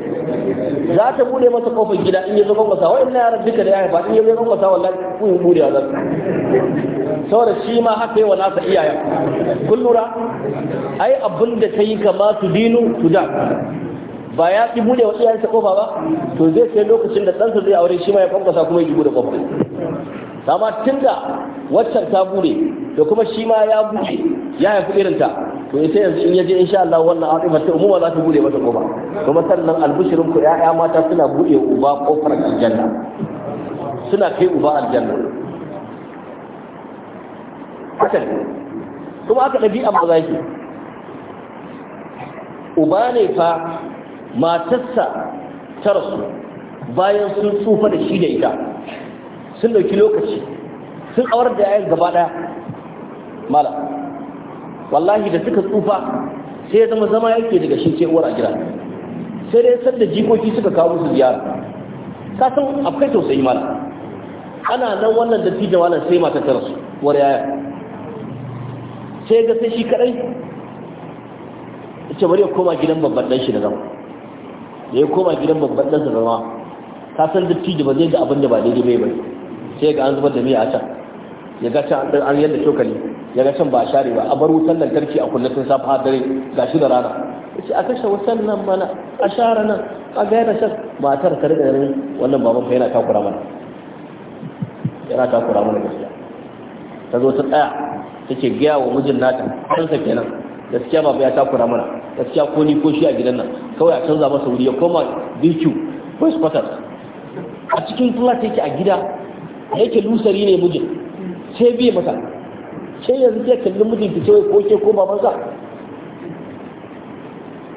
za ta bude masa kofar gida in yazo kan wasa na yaran duka da yaya ba in yazo kan wasa wallahi kun bude wa zan saboda shi ma haka yi wa nasa iyaye kun lura ai abin da ta yi kama su dinu su da ba ya fi bude wa sa kofa ba to zai sai lokacin da ɗansa zai aure shi ma ya kwankwasa kuma ya ji da kofa amma da waccan ta bude da kuma shi ma ya bude ya haifi irinta to sai yanzu in yaje insha Allah wannan aqiba ta umuma za ta bude mata kofa kuma sannan albushirin ku ya'ya mata suna bude uba kofar aljanna suna kai uba aljanna haka kuma aka ɗabi'a a za ki uba ne fa matarsa ta rasu bayan sun tsufa da shi da ita sun dauki lokaci sun awar da yayin gaba daya mala wallahi da suka tsufa sai ya zama zama yake daga shi ce uwar a gida sai dai san da jikoki suka kawo musu ziyara ka san akwai tausayi mala ana nan wannan dattijan wannan sai mata ta rasu uwar yaya sai ga sai shi kadai ce bari ya koma gidan babban dan shi da zama da ya koma gidan babban dan zama ka san dattijo ba zai ga abin da ba daidai bai bai sai ga an zubar da miya a can ya ga can an yadda cokali ya ga can ba a share ba a bar wutan lantarki a kullum sun safa dare shi da rana ce a kashe wutan nan mana a share nan a ga yana shan matar ta da ganin wannan baban fa yana takura mana yana takura mana gaskiya ta zo ta tsaya ta ce gaya wa mijin nata kansa kenan gaskiya ba ya takura mana gaskiya ko ni ko shi a gidan nan kawai a canza masa wuri ya koma BQ voice quarters a cikin flat yake a gida yake lusari ne mijin sai biye masa sai yanzu ke kallon mijin ki sai ko ke ko babansa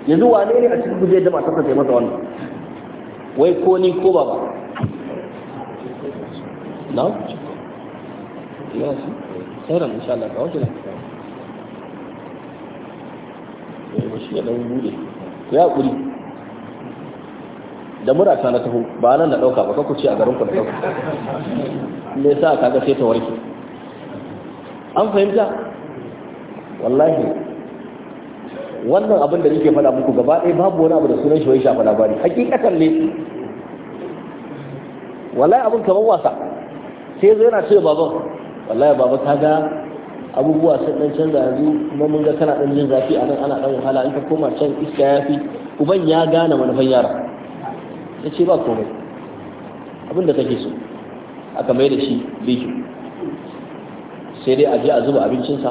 yanzu wane ne a cikin guje da matarsa sai masa wannan wai ko ni ko baba na ya shi sauran insha Allah ka wajen ya shi ya dan bude ya kuri da murata na taho ba nan na ɗauka ba kakuce a garin ku da ɗauka me sa ka ga sai ta warke an fahimta wallahi wannan abin da nake faɗa muku gaba ɗaya babu wani abu da sunan shi wai shafa labari hakikatan ne wallahi abin kamar wasa sai zai yana cewa baban wallahi baba ta ga abubuwa sun dan canza yanzu kuma mun ga kana dan jin zafi a nan ana dan wahala in ka koma can iska ya fi uban ya gane manufan yara ya ce ba komai abin da kake so aka mai da shi liki sai dai a je a zuba abincinsa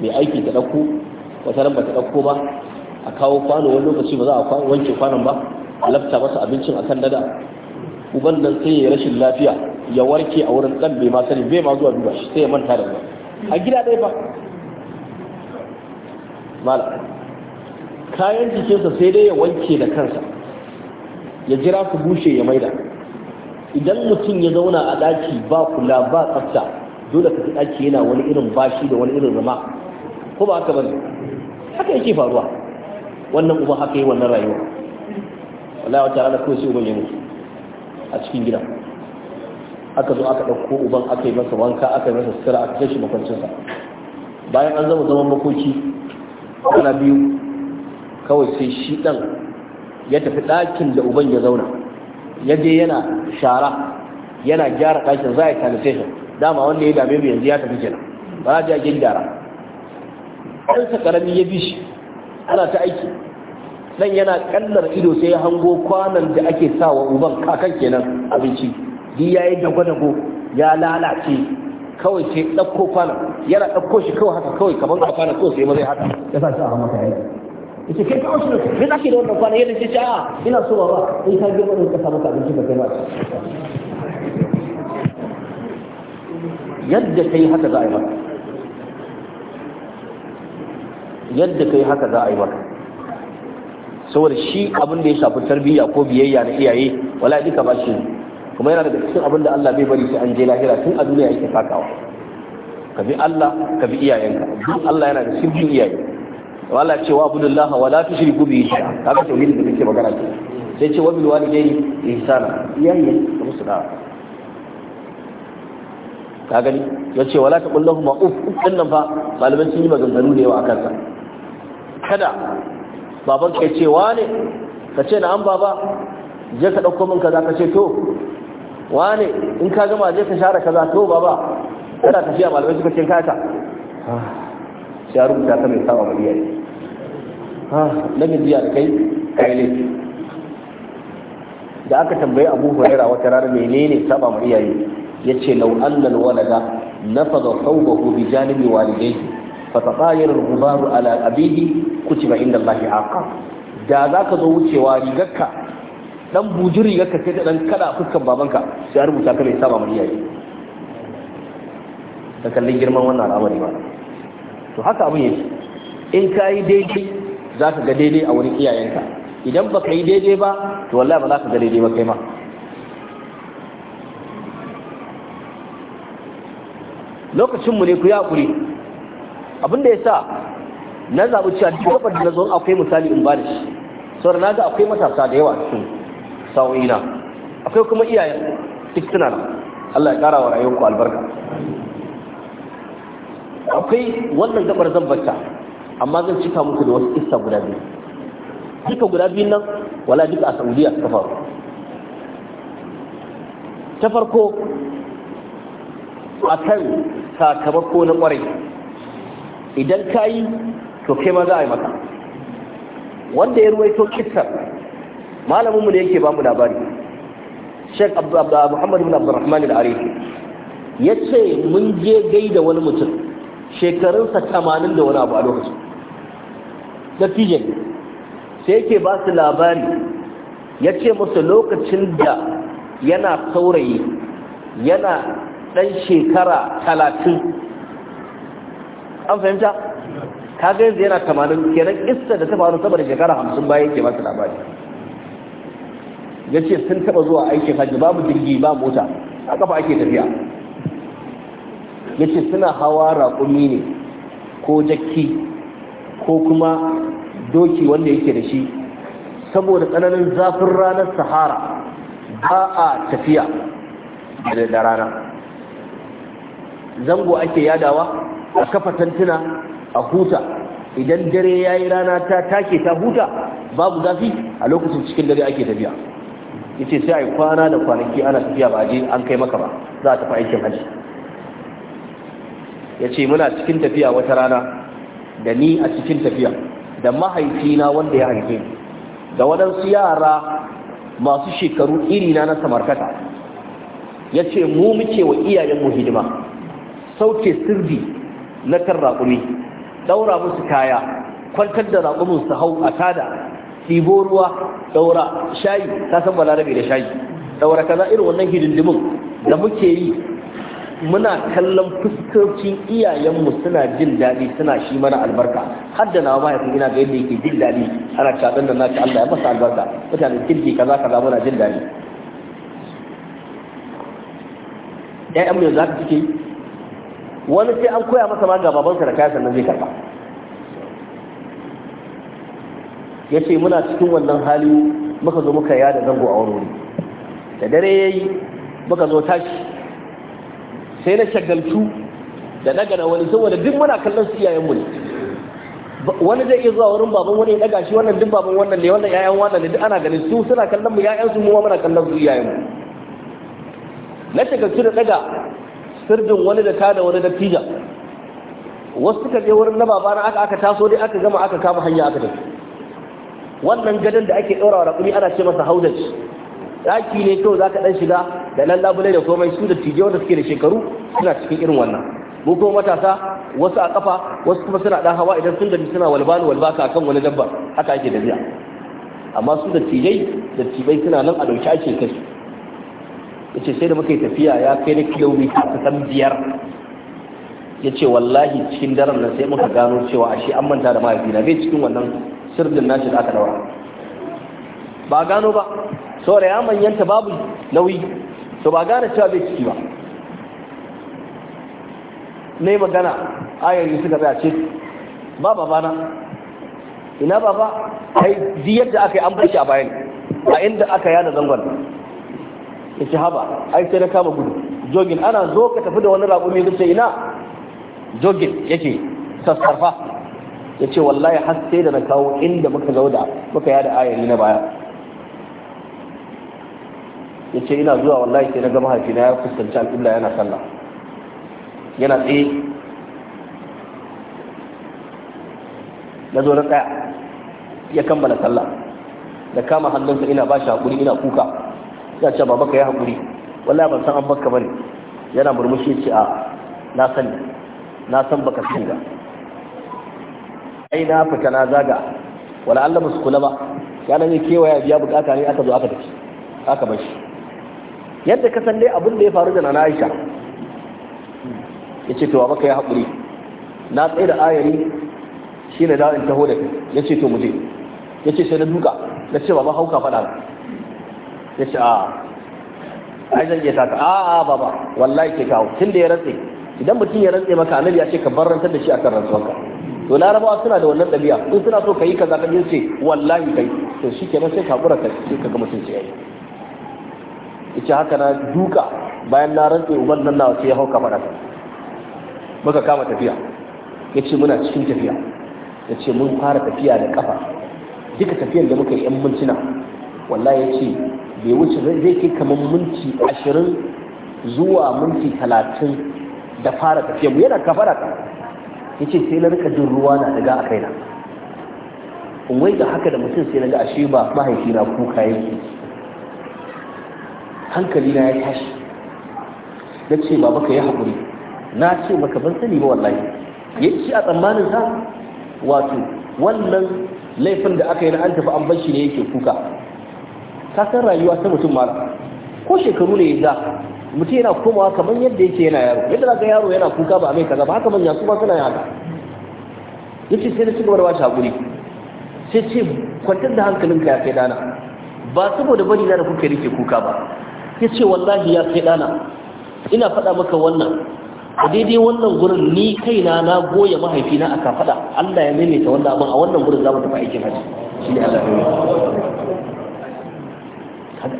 mai aiki ta ɗauko wata ran ba ta ɗauko ba a kawo kwano wani lokaci ba za a wanke kwanon ba a lafta masa abincin a kan dada uban nan sai ya rashin lafiya ya warke a wurin ɗan bai ma sani bai ma zuwa duba shi sai ya manta da ruwa a gida ɗaya ba mala kayan jikinsa sai dai ya wanke da kansa ya jira su bushe ya maida idan mutum ya zauna a ɗaki ba kula ba tsafta dole ka ɗaki yana wani irin bashi da wani irin zama. ko ba haka bane haka yake faruwa wannan uba haka yi wannan rayuwa wallahi wata rana ko sai uban ya mutu a cikin gida aka zo aka ɗauko uban aka yi masa wanka aka yi masa sutura aka kai shi makwancinsa bayan an zama zaman makoki ana biyu kawai sai shi ɗan ya tafi ɗakin da uban ya zauna ya je yana shara yana gyara ɗakin za a yi sanitation dama wanda ya dame mu yanzu ya tafi kenan ba za a je gyara ɗansa ƙarami ya bi shi ana ta aiki dan yana kallar ido sai ya hango kwanan da ake sawa uban kakan kenan abinci di ya yi dago-dago ya lalace kawai sai ɗauko kwanan yana ɗauko shi kawai haka kawai kamar a kwanan kawai sai mazai haka ya sa shi a hamata ya kai shi ne da wannan kwana yadda ce a ina so ba in ka girma da abinci kai ba yadda kai haka za a yi maka yadda kai haka za a yi maka saboda shi abin da ya shafi tarbiyya ko biyayya na iyaye wala duka ba shi kuma yana daga cikin abin da Allah bai bari sai an je lahira tun a duniya yake fakawa ka bi Allah ka bi iyayenka duk Allah yana da sirrin iyaye wala cewa abdullahi wala tushriku bihi shay'a kaga tauhidin da ke magana ce sai ce wa yi walidayni ihsana iyaye da musu da ka gani ce wala taqul ma uf din nan fa malaman sun yi maganganu da yawa akan sa kada baban ka ce wane ka ce na an baba je ka dauko min kaza ka ce to wane in ka gama je ka share kaza to baba kada tafiya malamai suka ce kaka ah, sai ya rubuta ta mai saba mariya ne ha namiji da kai kai laifi da aka tambayi abu huraira wata rana menene saba mu iyaye yace law annal walada nafada thawbahu bi janibi walidayhi fatatayyara al-ghubaru ala abihi kutiba inda allahi aqa da zaka zo wucewa rigarka dan bujin rigarka sai da dan kada fuskan babanka sai rubuta ka mai saba mu iyaye da kallon girman wannan al'amari ba to haka abin yake in ka yi daidai za ka ga daidai a wurin iyayenka idan ba ka yi daidai ba to wallah ba za ka ga daidai ba kai ma mu ne ku yi haƙuri abinda ya sa na zaɓi cewa duk gabar da na zo akwai misali in ba da shi sauran na ga akwai matasa da yawa cikin sa'o'ina akwai kuma iyayen duk suna Allah ya ƙara wa rayuwar ku albarka akwai wannan gabar zan bacca amma zan cika muku da wasu isa guda biyu duka guda biyun nan wala duka a saudiya suka faru ta farko a kan sakamako na kwarai idan ka yi to kai ma za a yi maka wanda ya ruwaito kisar malaminmu ne yake ba mu labari sheik Muhammadu bin abdurrahman al-arifi ya ce mun je gaida wani mutum shekarunsa tamanin da wani abu a lokacin dattijan sai yake ba su labari ya ce musu lokacin da yana saurayi yana ɗan shekara talatin an fahimta kaga yanzu yana tamanin kenan ista da ta faru saboda shekara hamsin bayan ke ba su labari ya ce sun taɓa zuwa aikin hajji babu jirgi ba mota a kafa ake tafiya ya ce suna hawa raƙumi ne ko jakki ko kuma doki wanda yake da shi saboda tsananin zafin ranar sahara ba a tafiya da rana zango ake yadawa a kafa tantuna a huta idan dare ya yi rana ta take ta huta babu zafi a lokacin cikin dare ake tafiya yace sai a yi kwana da kwanaki ana tafiya ba je an kai maka ba za a tafi aikin hajji ya ce muna cikin tafiya wata rana da ni a cikin tafiya da mahaifina wanda ya haife ni da waɗansu yara masu shekaru irina na samarkata ya ce mu muke wa mu hidima sauke sirri na kan raƙumi ɗaura musu kaya kwantar da raƙumin su hau a tada ɗibo ruwa ɗaura shayi ta san balarabe da shayi ɗaura kaza irin wannan hidindimin da muke yi muna kallon fuskokin iyayenmu suna jin daɗi suna shi mana albarka har da na mahaifin ina ga yadda yake jin daɗi ana caɗin da naka Allah ya masa albarka mutane kirki kaza kaza muna jin daɗi ɗayan mu yanzu haka suke wani sai an koya masa ma ga babansa da kayan sannan zai karɓa ya ce muna cikin wannan hali muka zo muka yada zango a wani wuri da dare ya yi muka zo tashi sai na shagaltu da daga da wani saboda duk muna kallon su iyayenmu ne wani zai iya zuwa wurin baban wani ya daga shi wannan duk baban wannan ne wannan yayan wannan ne duk ana ganin su suna kallon mu yayan su mu muna kallon su iyayenmu na shagaltu da daga sirdin wani da tada wani da tija wasu suka je wurin na babana aka aka taso dai aka gama aka kama hanya aka tafi wannan gadon da ake ɗora wa raƙumi ana ce masa haudaci daki ne kawai zaka dan shiga da nan labule da komai su da tije wanda suke da shekaru suna cikin irin wannan mu kuma matasa wasu a kafa wasu kuma suna dan hawa idan sun gani suna walbalu walbaka akan wani dabba haka ake tafiya amma su da tijai da tibai suna nan a dauki ake kai yace sai da muka yi tafiya ya kai na kilomita san biyar ya ce wallahi cikin daren nan sai muka gano cewa ashe an manta da mahaifina bai cikin wannan sirrin nashi da aka daura ba gano ba saboda ya manyanta babu nauyi to ba gane cewa bai ciki ba ne magana yi suka zai ce ba babana ina baba kai ji yadda aka yi an bashi a bayan a inda aka da zangon ya ce haba ai sai na kama gudu jogin ana zo ka tafi da wani raƙumi mai zuce ina jogin yake sassarfa ya ce wallahi har sai da na kawo inda muka zauda muka yada ayari na baya ya ce ina zuwa wallahi sai na ga mahaifina ya fuskanci al'umma yana sallah yana tsaye na zo na tsaya ya kammala sallah da kama hannunsa ina ba shi haƙuri ina kuka ya ce baba ka yi haƙuri wallahi ban san an baka bane yana murmushi ya ce a na sani na san baka sani ba ai na fita na zaga wala Allah musu kula ba ya nan kewaya biya bukata ne aka zo aka tafi aka bar shi yadda ka san dai abin da ya faru da na Aisha ce to abaka ya haƙuri na tsaye da ayari shi ne da'in taho da ya ce to mu je ya ce sai na duka na ce ba hauka faɗa ya ce a ai zan iya taka a a baba wallahi ke kawo tun da ya rantse idan mutum ya rantse maka annabi ya ce ka rantar da shi akan rantsuwanka to larabawa suna da wannan ɗabi'a in suna so ka yi kaza ka ce wallahi kai to shi kenan sai ka hakura ka ce ka ga mutum ce yi yace haka na duka bayan na rantse uban nan nawa sai ya hauka fara muka kama tafiya Ya ce muna cikin tafiya Ya ce mun fara tafiya da kafa duka tafiyar da muka yi yan mintuna wallahi ce bai wuce zai kai kamar minti ashirin zuwa minti talatin da fara tafiyar mu yana kafara ka ce sai na rika jin ruwa na daga a kaina in wai da haka da mutum sai na ga ashe ba mahaifina kuka yake hankali na ya tashi na ce baba ka yi haƙuri na ce maka ban sani ba wallahi ya ci a tsammanin sa wato wannan laifin da aka yi na an tafi an bashi ne yake kuka ka san rayuwa ta mutum mara ko shekaru ne yadda mutum yana komawa kamar yadda yake yana yaro yadda ka yaro yana kuka ba a mai kaza ba haka manya su ba suna haka ce sai na cigaba da wata hakuri sai ce kwantar da hankalinka ya kai dana ba saboda bari na da kuka rike kuka ba ya ce wallahi ya sai dana, ina faɗa maka wannan a daidai wannan gurin ni kaina na goya mahaifina a kafaɗa allah ya maimaita wannan abin a wannan gurin za mu tafi aikin hajji shi ne allah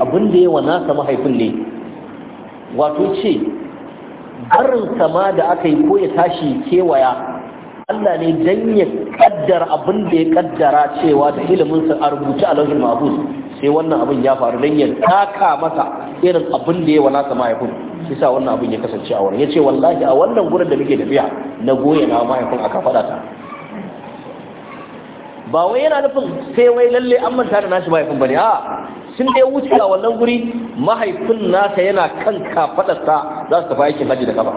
abin da yawa nasa mahaifin ne wato ce barin sama da aka yi ko ya tashi kewaya Allah ne dan ya kaddara abin da ya kaddara cewa da iliminsa a rubuce a lauhin mahfuz sai wannan abin ya faru don ya taka masa irin abin da ya walata mahaifin shi sa wannan abin ya kasance a wurin ya ce wallahi a wannan gurin da muke tafiya na goya na mahaifin a kafaɗa ta ba wai yana nufin sai wai lalle an manta da nashi mahaifin bane a sun ya wuce a wannan guri mahaifin nasa yana kan kafaɗarsa za su tafi aikin haji da kafa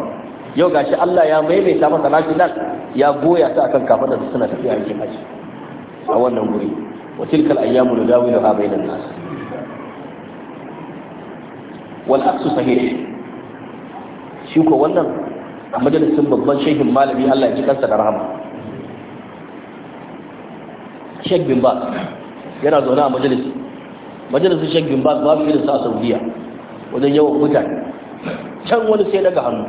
yau gashi Allah ya maimaita masa nashi nan ya goya ta akan kafaɗarsa suna tafiya aikin haji a wannan guri wa tilkal ayyamu nudawiluha bainan nas wal aksu sahih shi ko wannan a majalisin babban shehin malami Allah ya ji kansa da rahama bin Baz yana zaune a majalisi majalisin Sheikh bin Baz babu irin sa a Saudiya wajen yawan mutane can wani sai daga hannu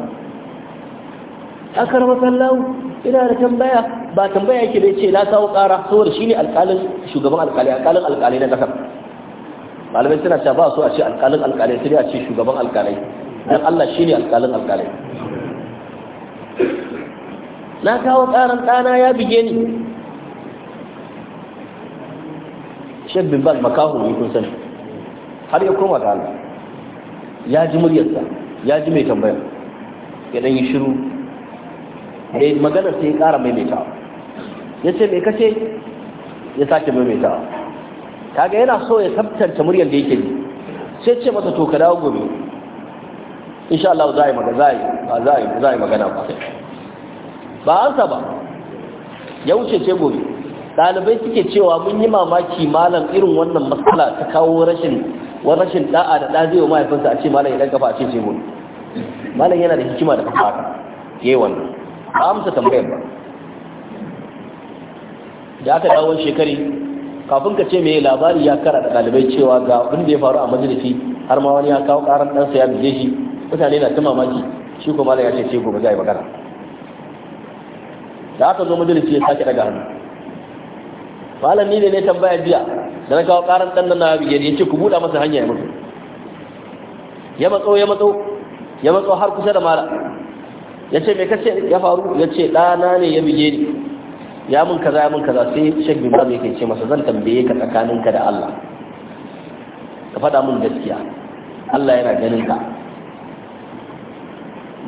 akar masallahu ina da tambaya ba tambaya yake da yace na kawo ƙara saboda shine alƙalin shugaban alƙali alƙalin alƙali na kasar malamai suna cewa ba su a ce alƙalin alƙalai sai a ce shugaban alƙalai dan Allah shine alƙalin alƙalai na kawo ƙaran ɗana ya bige ni shek bin baz makahu ne kun sani har ya koma ga Allah ya ji muryarsa ya ji mai tambayar ya ɗan yi shiru mai magana sai ya ƙara maimaita ya ce mai kace ya sake maimaita kaga yana so ya tabtanta muryar da yake yi sai ce masa to ka dawo gobe insha Allah za a yi magana za a yi za a yi magana ba ba ansa ba ya wuce ce gobe Dalibai suke cewa mun yi mamaki malam irin wannan matsala ta kawo rashin wani rashin da'a da ɗazi wa mahaifinsa a ce malam ya ɗan kafa a ce ce gobe malam yana da hikima da kafa haka yayi wannan ba amsa tambayar ba da aka dawo shekari kafin ka ce mai labari ya kara da ɗalibai cewa ga abin da ya faru a majalisi har ma wani ya kawo ƙarar ɗansa ya bije shi mutane na ta mamaki shi kuma ya ce ce gobe za a yi magana da aka zo majalisi ya sake daga hannu ni ne ne tambaya biya da na kawo karan ɗan nan na bige ya ce ku buɗa masa hanya ya mutu ya matso ya matso ya matso har kusa da mala ya ce mai kace ya faru ya ce ɗana ne ya bige ni ya mun kaza ya mun kaza sai shek bin baz yake ce masa zan tambaye ka tsakaninka da Allah ka faɗa mun gaskiya Allah yana ganin ka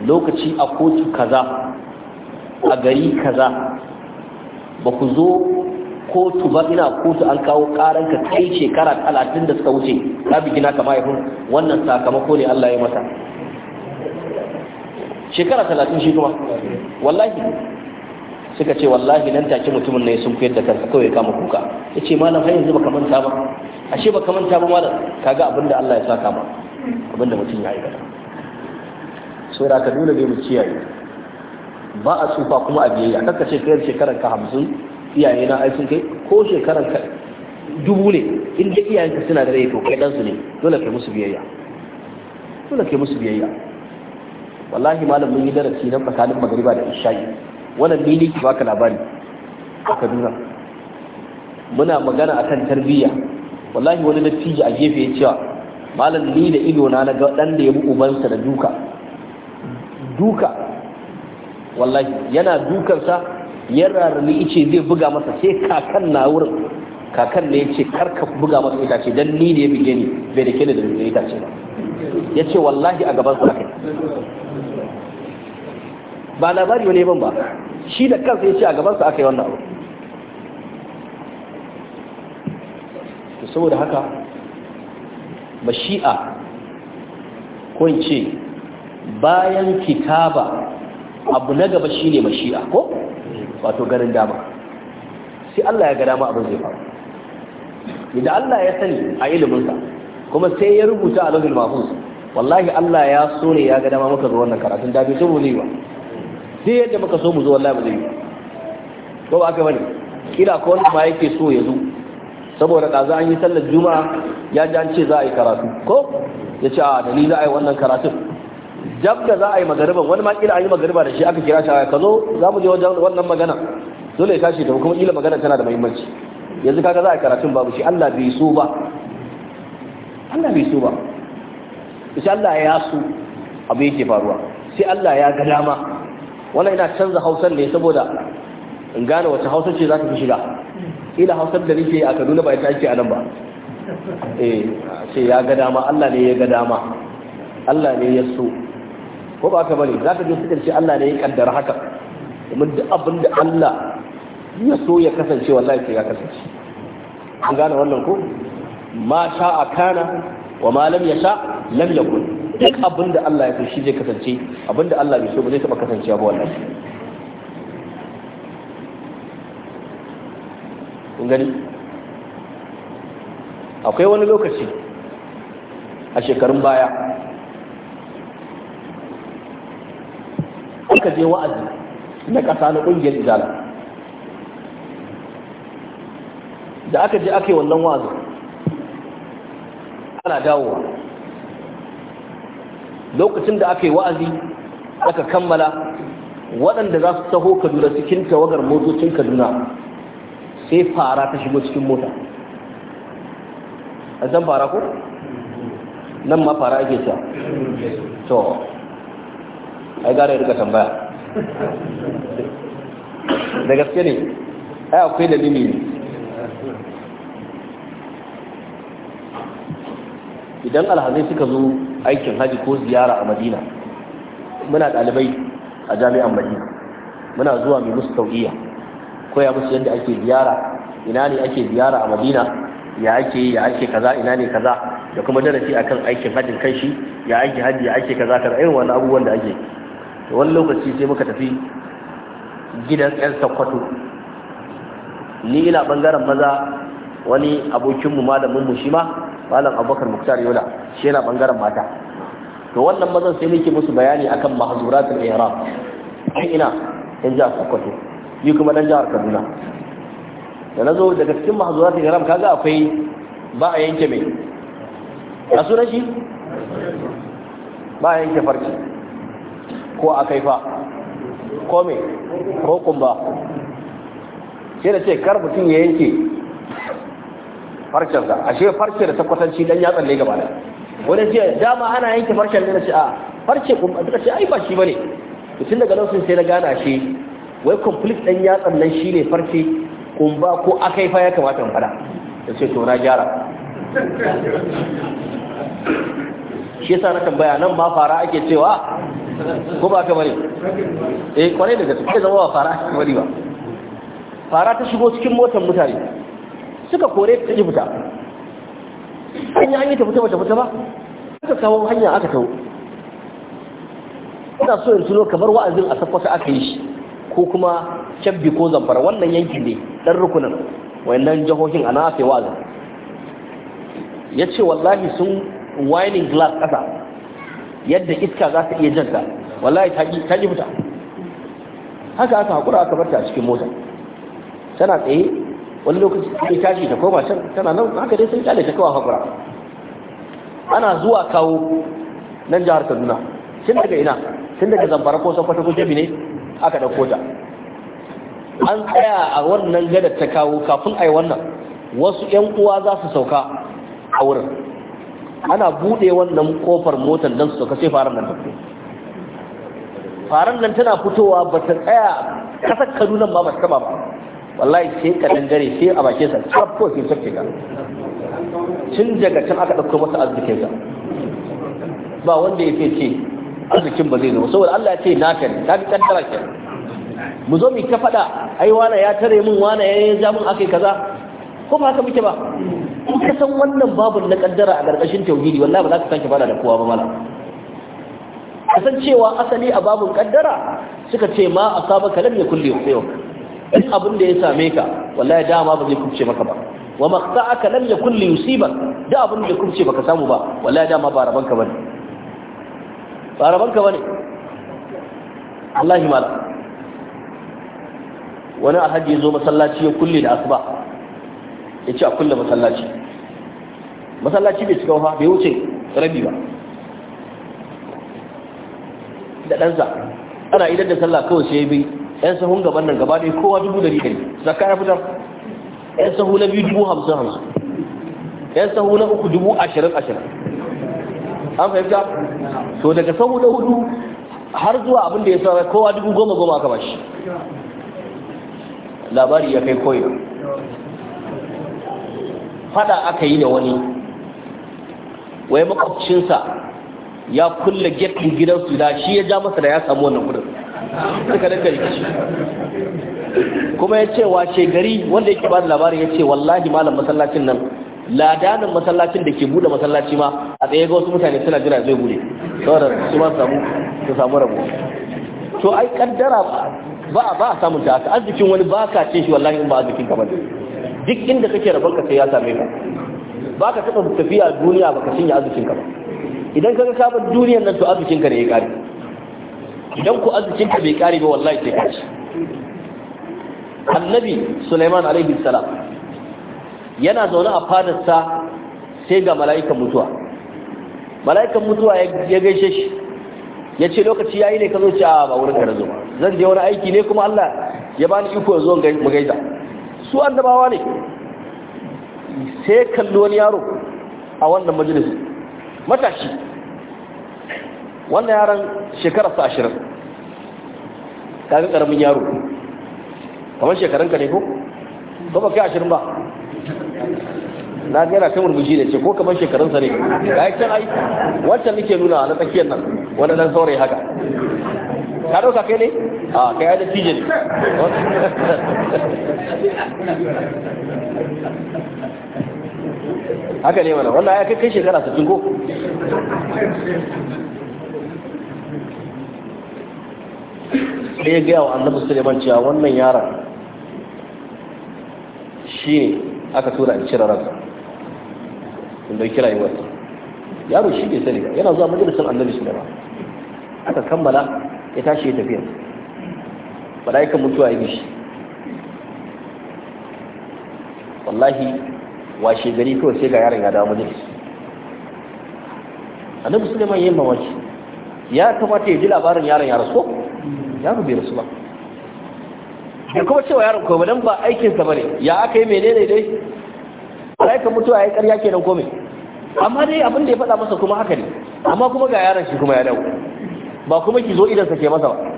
lokaci a kotu kaza a gari kaza ba ku zo kotu ba ina kotu an kawo karanka kai shekara talatin da suka wuce ka bigina ka mahaifin wannan sakamako ne Allah ya masa shekara talatin shi kuma wallahi suka ce wallahi nan take mutumin ne sun fiye da kansa kawai kama kuka ya ce malam har yanzu baka manta ba ashe baka manta ba malam kaga abinda Allah ya saka ba abinda mutum ya aikata so da ka dole ne mu kiyaye ba a tsufa kuma a biyayya kanka ce kai shekaran ka 50 iyaye na ai sun kai ko shekaran ka dubu ne in iyayen iyayenka suna da rai to kai dan su ne dole kai musu biyayya dole kai musu biyayya wallahi malam mun yi darasi na tsakanin magariba da isha'i wannan ne ne ki baka labari a kaduna muna magana akan tarbiyya wallahi wani dattijo a gefe ya cewa malam ni da ido na ga dan da ya bi ubansa da duka duka wallahi yana dukansa ya rarrali ice zai buga masa sai kakan na wurin kakan ne ya ce karka buga masa itace dan ni da ya bige ni bai da kene da itace ba ya ce wallahi a gaban sa kai ba labari wani ban ba shi da kansa ya ce a gabansa aka yi wannan abu to saboda haka mashi'a ko in ce bayan kitaba abu na gaba shine mashi'a ko wato garin dama sai Allah ya ga dama abin zai faru idan Allah ya sani a iliminsa kuma sai ya rubuta a lokacin mahfuz wallahi Allah ya so ne ya ga dama muka zo wannan karatun da bai ne ba sai yadda muka so mu zo wallahi ba zai ko ba aka bane kila ko wanda ma yake so ya zo saboda kaza an yi sallar juma'a ya ji an ce za a yi karatu ko ya ce a da za a yi wannan karatun jab da za a yi magariba wani ma kila an yi magariba da shi aka kira shi a ka zo za mu je wajen wannan magana dole ya tashi da kuma kila magana tana da muhimmanci yanzu kaga za a yi karatun babu shi Allah bai so ba Allah bai so ba insha Allah ya so abu yake faruwa sai Allah ya ga dama wannan ina canza hausar ne saboda in gane wata hausar ce za ka fi shiga ila hausar da nake a kaduna ba ita ake a nan ba eh ce ya ga dama Allah ne ya ga dama Allah ne ya so ko ba ka bane za ka je suka ce Allah ne ya kaddara haka domin da abin da Allah ya so ya kasance wallahi sai ya kasance an gane wannan ko ma sha'a kana wa ma lam yasha lam yakun duk abin da Allah ya so shi zai kasance abin da Allah bai so ba zai taba kasance ba wannan? kun gani akwai wani lokaci a shekarun baya Kuka je wa'azi na ƙasa na ƙungiyar izala da aka je ake wannan wa'azi ana dawowa lokacin da aka yi wa'azi aka kammala waɗanda za su taho kaduna cikin tawagar motocin kaduna sai fara ta shigo cikin mota a zan fara ko nan ma fara ake sa, to ai gara ya rika tambaya da gaske ne ai akwai da limi idan alhazai suka zo aikin haji ko ziyara a madina muna ɗalibai a jami'an madina muna zuwa mai musu tauhiyya koya musu yadda ake ziyara ina ne ake ziyara a madina ya ake ya ake kaza ina ne kaza da kuma darasi akan aikin hajjin kan shi ya ake haji ya ake kaza kaza irin wannan abubuwan da ake to wani lokaci sai muka tafi gidan yan sakwato ni ina bangaren maza wani abokinmu malaminmu shi ma malam abubakar muktar yola shi yana bangaren mata to wannan mazan sai muke musu bayani akan mahzuratul ihram ai ina yan jihar sokoto yi kuma dan jihar kaduna da na zo daga cikin mahzuratul ihram kaga akwai ba a yanke mai a sunan shi ba a yanke farki ko a kaifa ko me ko kumba sai da ce kar mutum ya yanke farcensa ashe farce da takwatanci dan ya tsalle gaba da wani ce dama ana yanke farcen ne na ce a farce kuma duka ce ai ba shi bane to tun daga lokacin sai na gana shi wai conflict dan ya tsallan shi ne farce ba ko akai fa ya kamata in fada da ce to na gyara shi yasa na tambaya nan ma fara ake cewa ko ba ka bane eh kwarai daga gaske zama ba fara ake bari ba fara ta shigo cikin motar mutane suka kore ta ƙi fita an yi an yi ta fita wata fita ba suka kawo hanya aka tau. ina so in tuno kamar wa'azin a sakwata aka yi shi ko kuma cabbi ko zamfara wannan yankin ne ɗan rukunin nan jihohin ana nafe wa'azin ya ce wallahi sun winin glass ƙasa yadda iska za ta iya janta wallahi ta ƙi fita haka aka haƙura aka barta a cikin mota tana tsaye wani lokaci ke tashi ta koma can tana nan haka dai sun kyale ta kawo hakura ana zuwa kawo nan jihar kaduna tun daga ina tun daga zamfara ko sokoto ko jabi ne aka ɗauko ta an tsaya a wannan gadar ta kawo kafin a yi wannan wasu yan uwa za su sauka a wurin ana buɗe wannan kofar motar don su sauka sai faran nan tafi faran nan tana fitowa ba ta tsaya kasar kaduna ba ba ta ba wallahi sai ka dangare sai a bakin sa tsaf ko sai tsaf ka tun daga can aka dauko masa arziki sa ba wanda ya ce arzikin ba zai zo saboda Allah ya ce na ka ne ka kaddara ke mu zo mu ta fada ai wani ya tare min wani ya ja min akai kaza ko ba haka muke ba in ka san wannan babu na kaddara a gargashin tauhidi wallahi ba za ka sanke fada da kowa ba mala kasancewa asali a babun kaddara suka ce ma asaba kalam ya kulle yau duk abin da ya same ka wallahi dama ba zai kubce maka ba wa maqta'aka lam yakun li yusibak da abin da kubce baka samu ba wallahi dama ba rabanka bane ba rabanka bane wallahi mala wani alhaji ya zo masallaci ya kulle da asuba ya ce a kulle masallaci masallaci bai cika wa bai wuce rabi ba da ɗansa ana idan da sallah kawai sai ya bi yan sahun gaban nan gaba ɗaya kowa dubu dari dari zakka ya fitar yan sahu na biyu dubu hamsin hamsin yan sahu na uku dubu ashirin ashirin an fahimta to daga sahu na hudu har zuwa abin da ya sa kowa dubu goma goma aka bashi labari ya kai koya fada aka yi da wani wai makwabcinsa ya kulle gefen gidansu da shi ya ja masa da ya samu wannan kudin suka dinga rikici kuma ya ce wa gari wanda yake ba da labarin ya ce wallahi malam masallacin nan ladanin masallacin da ke bude masallaci ma a tsaye ga wasu mutane suna jira zai bude saboda su ma samu su samu rabo to ai kaddara ba ba a samun ta haka arzikin wani ba ka ce shi wallahi in ba arzikin kamar duk inda kake rabon ka sai ya same ka ba ka taɓa tafiya duniya ba ka cinye arzikin ka ba idan ka ga sabon duniyar nan to arzikin ka ne ya kare idan ku arzikin ka bai kare ba wallahi sai kaci annabi Sulaiman alaihi salam yana zaune a fadarsa sai ga mala'ikan mutuwa mala'ikan mutuwa ya gaishe shi ya ce lokaci yayi ne ka zo ba wurin ka zo zan je wani aiki ne kuma Allah ya bani iko zo mu gaida su annabawa ne sai kallo wani yaro a wannan majalis matashi wannan yaron shekararsa ashirin kaga karamin yaro kamar shekarunka ne ko ba ba kai ashirin ba na yana kamar muji da ce ko kamar shekarunsa ne ga yi can ai wancan nake nuna na tsakiyar nan wani nan saurayi haka ka dauka kai ne a kai ajiyar tijin ne haka ne mana wannan ya kai shekara 60 ko sai ya gaya wa annabi suleiman cewa wannan yaron shi ne aka tura in cire ransa kira yi rayuwarsa yaro shi ne sani yana zuwa majalisar annabi suleiman aka kammala ya tashi ya tafiya mala'ikan mutuwa ya gishi wallahi washe gari kawai sai ga yaron ya dawo majalis annabi suleiman yin mamaki ya kamata ya ji labarin yaron ya rasu yaro bai rasu ba da kuma cewa yaron ko dan ba aikinsa ba ne ya aka yi menene dai alaikan mutuwa ya karya kenan ko me amma dai abin da ya faɗa masa kuma haka ne amma kuma ga yaron shi kuma ya dawo ba kuma ki zo idan ke masa ba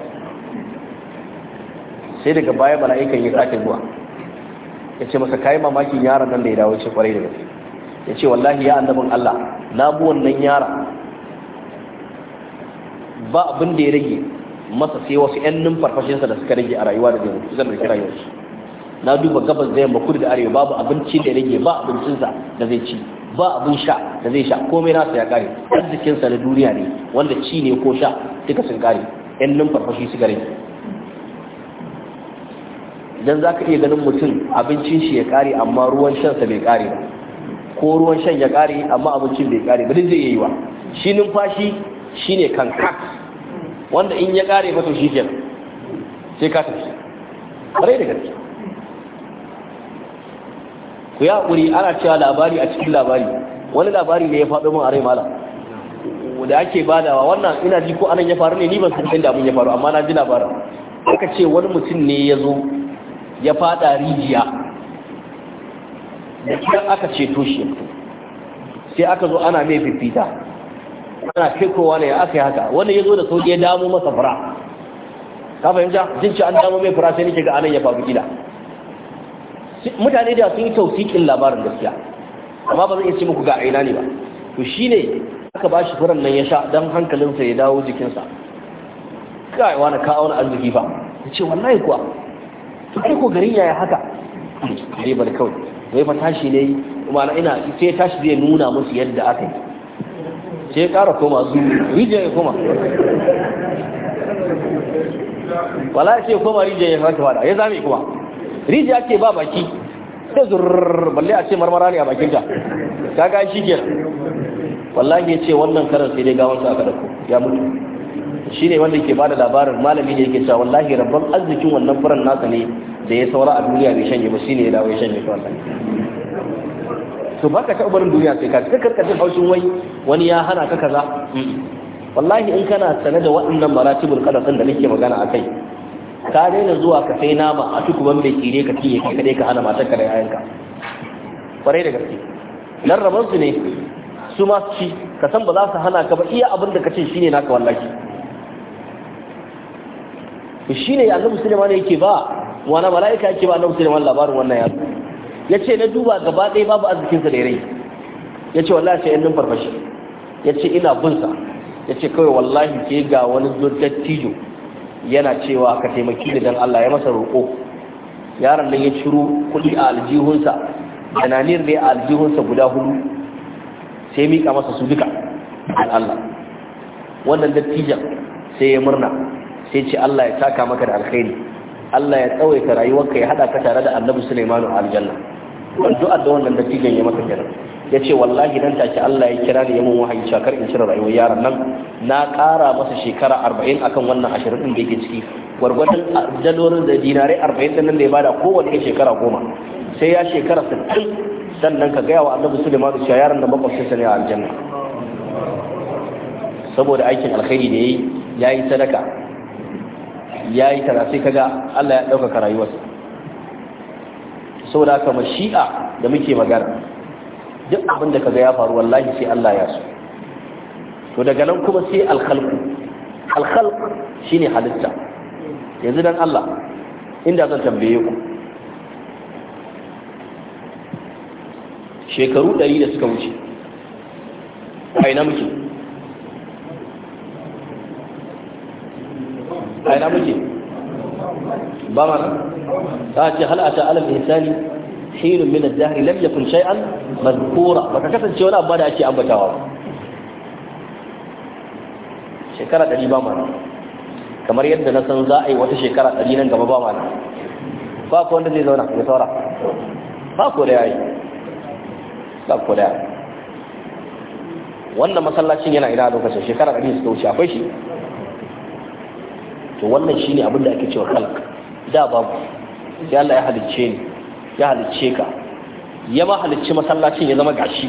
sai daga baya mala'ikan ya sake zuwa ya ce masa kayi mamakin yaron nan da ya dawo shi kwarai da gaske ya ce wallahi ya annabin Allah na bu wannan yara ba abin da ya rage masa sai wasu yan numfarfashinsa da suka rage a rayuwa da zai mutu zan rike rayuwarsu na duba gabas da yamma kudu da arewa babu abinci da rage ba abincinsa da zai ci ba abin sha da zai sha komai nasa ya kare arzikinsa na duniya ne wanda ci ne ko sha duka sun kare yan numfarfashi suka rage idan za ka iya ganin mutum abincin shi ya kare amma ruwan shansa bai kare ba ko ruwan shan ya kare amma abincin bai kare ba zai yi wa shi numfashi shine kan haka wanda in ya kare fa shi ke sai ka tafi bare da gaske ku ya hakuri ana cewa labari a cikin labari wani labari ne ya faɗo min a rai mala da ake badawa wannan ina ji ko anan ya faru ne ni ban san inda abin ya faru amma na ji labarin aka ce wani mutum ne ya zo ya fada rijiya da kiran aka ceto shi sai aka zo ana mai fifita ana kowa ne aka yi haka wanda ya zo da sauƙi ya damu masa fura ka fahimta jin ci an damu mai fura sai nake ga anan ya faru gida mutane da sun yi tausikin labarin gaskiya amma ba zan iya ce muku ga aina ne ba to shine aka bashi furan nan ya sha dan hankalinsa ya dawo jikinsa kai wani ka auna arziki fa ya ce wallahi kuwa to kai ko garin yaya haka dai bar kawai wai fa tashi ne kuma ina sai tashi zai nuna musu yadda aka yi sai ya ƙara koma su rijiyar ya koma wala ya ce koma rijiyar ya haka bada, ya zame kuma rijiya ke ba baki sai zurr balle a ce marmara ne a bakinta ta ga shi ke wallahi ya ce wannan karar sai dai sa aka dako ya mutu shi ne wanda ke bada labarin malami ne yake cewa wallahi rabban arzikin wannan furan nasa ne da ya saura a duniya bai shanye ba shi ne ya dawo ya shanye ta wallahi to baka taɓa barin duniya sai ka kakar ka jin haushin wai wani ya hana ka kaza wallahi in kana sane da waɗannan maratibul qadar da nake magana akai ka daina zuwa ka sai nama a tukuban mai kire ka tiye ka kade ka hana matar ka da yayanka kwarai da gaske nan rabon su ne su ma su ci ka san ba za su hana ka ba iya abin da ka ce shine naka wallahi to shine annabi sulaiman yake ba wani mala'ika yake ba annabi sulaiman labarin wannan yaro ya ce na duba gaba ɗaya babu arzikinsa da ya rai ya ce wallahi sai yannin farfashi ya ce ina bunsa ya ce kawai wallahi ke ga wani dattijo yana cewa ka taimaki da dan Allah ya masa roƙo yaron nan ya ciro kuɗi a aljihunsa jananiyar ne a aljihunsa guda hudu sai miƙa masa su duka an Allah wannan dattijan sai ya murna sai ce Allah ya taka maka da alkhairi Allah ya tsawaita rayuwarka ya hada ka tare da Annabi Sulaiman aljanna addu'ar da wannan dattijan ya masa kenan ya ce wallahi nan take Allah ya kira ni yamin wahayi shakar in cire rayuwar yaron nan na ƙara masa shekara arba'in akan wannan ashirin ɗin da yake ciki gwargwadon dalorin da dinarai arba'in ɗin nan da ya bada kowane shekara goma sai ya shekara sittin sannan ka gaya wa annabi suleiman cewa yaron da makwabcinsa ne a aljanna saboda aikin alkhairi da ya yi sadaka ya yi sai kaga Allah ya ɗaukaka rayuwarsa saboda haka mashi'a da muke magana duk abin da kaga ya faru wallahi sai Allah ya so to daga nan kuma sai alkhalq alkhalq shine halitta yanzu dan Allah inda zan tambaye ku shekaru 100 da suka wuce a ina muke a ina muke Bamanan. ta ce hal ata alal insani hirun min ad-dahr lam yakun shay'an madhkura ka kasance wani abu da ake ambatawa ba. shekara ɗari ba mana kamar yadda na san za a yi wata shekara ɗari nan gaba ba mana. ba ko wanda zai zauna ya saura ba ko da yayi ba ko da yayi wannan masallacin yana ina lokacin shekara ɗari su suka wuce akwai shi to wannan shine abin da ake cewa khalq da babu sai Allah ya halicce ni ya halicce ka ya ma halicci masallacin ya zama gashi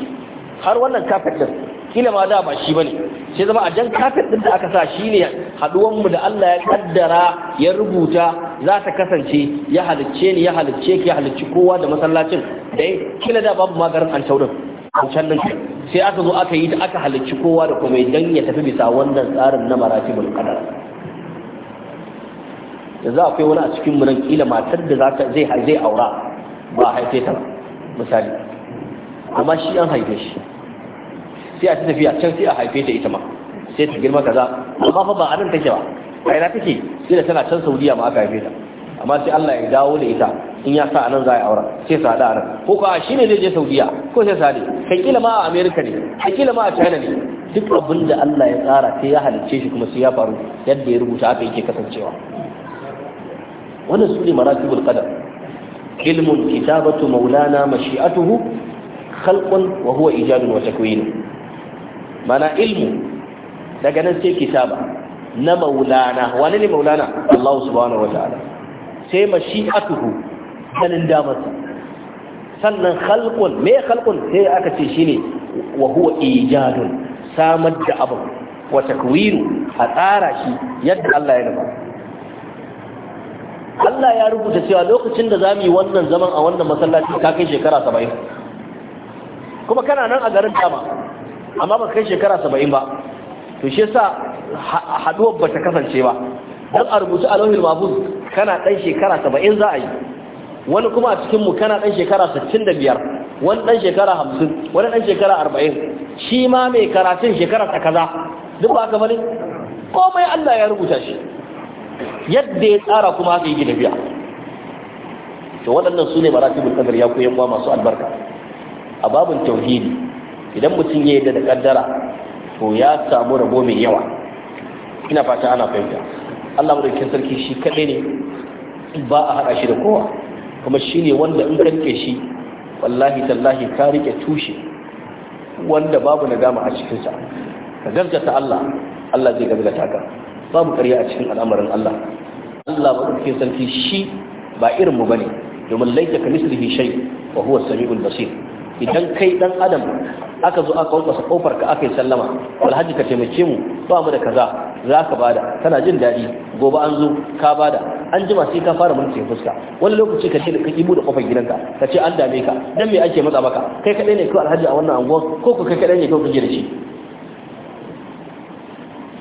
har wannan kafet din kila ma da ba shi bane sai zama a jan kafet din da aka sa shine haduwan mu da Allah ya kaddara ya rubuta za ta kasance ya halicce ni ya halicce ki ya halicci kowa da masallacin dai kila da babu magarin an taurin an can nan sai aka zo aka yi ta aka halicci kowa da kuma dan ya tafi bisa wannan tsarin na maratibul qadar yanzu akwai wani a cikin nan kila matar da zata zai zai aura ba a haife ta misali amma shi an haife shi sai a ta tafiya can sai a haife ta ita ma sai ta girma kaza amma fa ba a nan take ba a ina take sai da tana can saudiya ma aka haife ta amma sai Allah ya dawo da ita in ya sa anan za a aura sai sa da anan ko ka shi ne zai je saudiya ko sai sa ne kai kila ma a Amerika ne kai kila ma a china ne duk abin da Allah ya tsara sai ya halicce shi kuma sai ya faru yadda ya rubuta haka yake kasancewa wannan su ne maratibul qadar ilmun kitabatu maulana mashi'atuhu khalqun wa huwa ijadun wa takwin mana ilmu daga nan sai kitaba na maulana wani ne maulana Allah subhanahu ta'ala. sai mashi'atuhu sanin damarsa sannan khalqun me khalqun sai aka ce shine wa huwa ijadun samar da abu wa takwiru a tsara shi yadda Allah ya nufa Allah ya rubuta cewa lokacin da za mu yi wannan zaman a wannan masallaci ka kai shekara saba'in kuma kana nan a garin dama amma ba kai shekara saba'in ba to shi yasa haduwar ba ta kasance ba dan a rubuta a lauhin mafuz kana dan shekara saba'in za a yi wani kuma a cikin mu kana dan shekara sittin da biyar wani dan shekara hamsin wani dan shekara arba'in shi ma mai karatun shekara ta kaza duk ba ka bane komai Allah ya rubuta shi yadda ya tsara kuma haka yake tafiya to waɗannan su ne maratibul qadar ya koyan wa masu albarka a babin tauhidi idan mutum ya yi da kaddara to ya samu rabo mai yawa ina fata ana fahimta Allah dauke sarki shi kadai ne ba a haɗa shi da kowa kuma shi ne wanda in kake shi wallahi tallahi ka rike tushe wanda babu nadama a cikin sa. ka gaskata Allah Allah zai gaskata ka babu ƙarya a cikin al'amarin Allah Allah ba ɗauke sarki shi ba irin mu bane domin laita ka mislihi shay wa huwa samiul basir idan kai dan adam aka zo aka wanka kofar ka aka yi sallama alhaji ka taimake mu ba mu da kaza za ka bada kana jin daɗi gobe an zo ka bada an jima sai ka fara mulkin fuska wani lokaci ka ce ka kibu da kofar gidanka ka ce an dame ka dan me ake matsa maka kai kadai ne ko alhaji a wannan anguwa ko ku kai kadai ne ko kuje da shi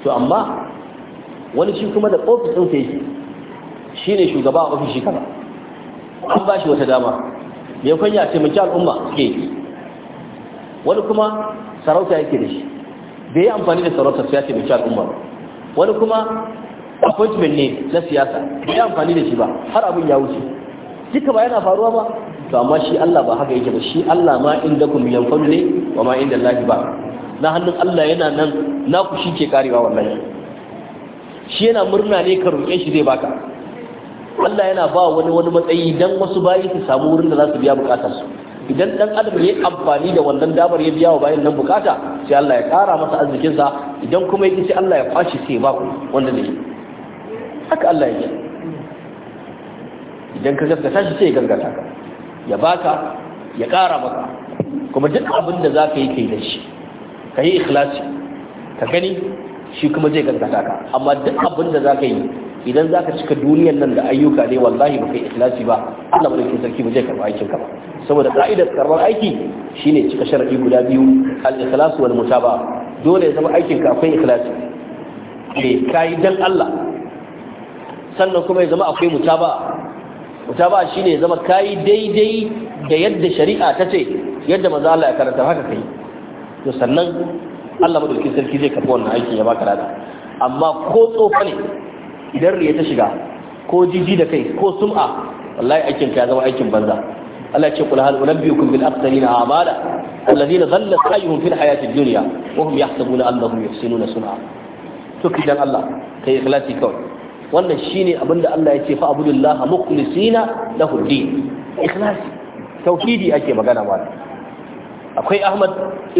to amma wani shi kuma da ofis ɗin sai shi ne shugaba a ofis shi kama. an ba shi wata dama mai kwanya taimaki al'umma suke yi wani kuma sarauta yake da shi bai yi amfani da sarauta su ya taimaki al'umma wani kuma appointment ne na siyasa bai yi amfani da shi ba har abin ya wuce duka ba yana faruwa ba to amma shi Allah ba haka yake ba shi Allah ma inda kun biyan fadle wa ma inda Allah ba na hannun Allah yana nan na ku shi ke karewa wallahi shi yana murna ne ka roƙe shi zai baka Allah yana ba wani wani matsayi dan wasu bayi su samu wurin da za su biya bukatar su idan dan adam ya amfani da wannan damar ya biya wa bayan nan bukata sai Allah ya ƙara masa arzikin sa idan kuma yake sai Allah ya kwashi sai ba ku wanda ne haka Allah yake idan ka gaskata shi sai ya gaskata ka ya baka ya ƙara maka kuma duk abin da ka yi kai da shi ka yi ikhlasi ka gani shi kuma zai gaskata ka amma duk abin da zaka yi idan zaka cika duniyar nan da ayyuka ne wallahi ba kai ikhlasi ba Allah madaukakin sarki ba zai karba aikin ka ba saboda ka'idar karbar aiki shine cika sharadi guda biyu al-ikhlas wal mutaba dole ya zama aikin ka akwai ikhlasi ne eh, kai dan Allah sannan kuma ya zama akwai mutaba mutaba shine ya zama kai daidai da yadda shari'a ta ce yadda manzo Allah ya karanta haka kai to sannan Allah madaukakin sarki zai karɓi wannan aikin ya baka lada amma ko tsofa ne idan riya ta shiga ko jiji da kai ko sum'a wallahi aikin ka ya zama aikin banza Allah ya ce kul hal unabbiukum bil aqsarina a'mala alladhina dhalla sa'yuhum fil hayati ad-dunya wa hum yahsabuna annahum yuhsinuna sun'a to kidan Allah kai ikhlasi kawai wannan shine abinda Allah ya ce fa abudullaha mukhlisina lahu din ikhlasi tauhidi ake magana ma akwai Ahmad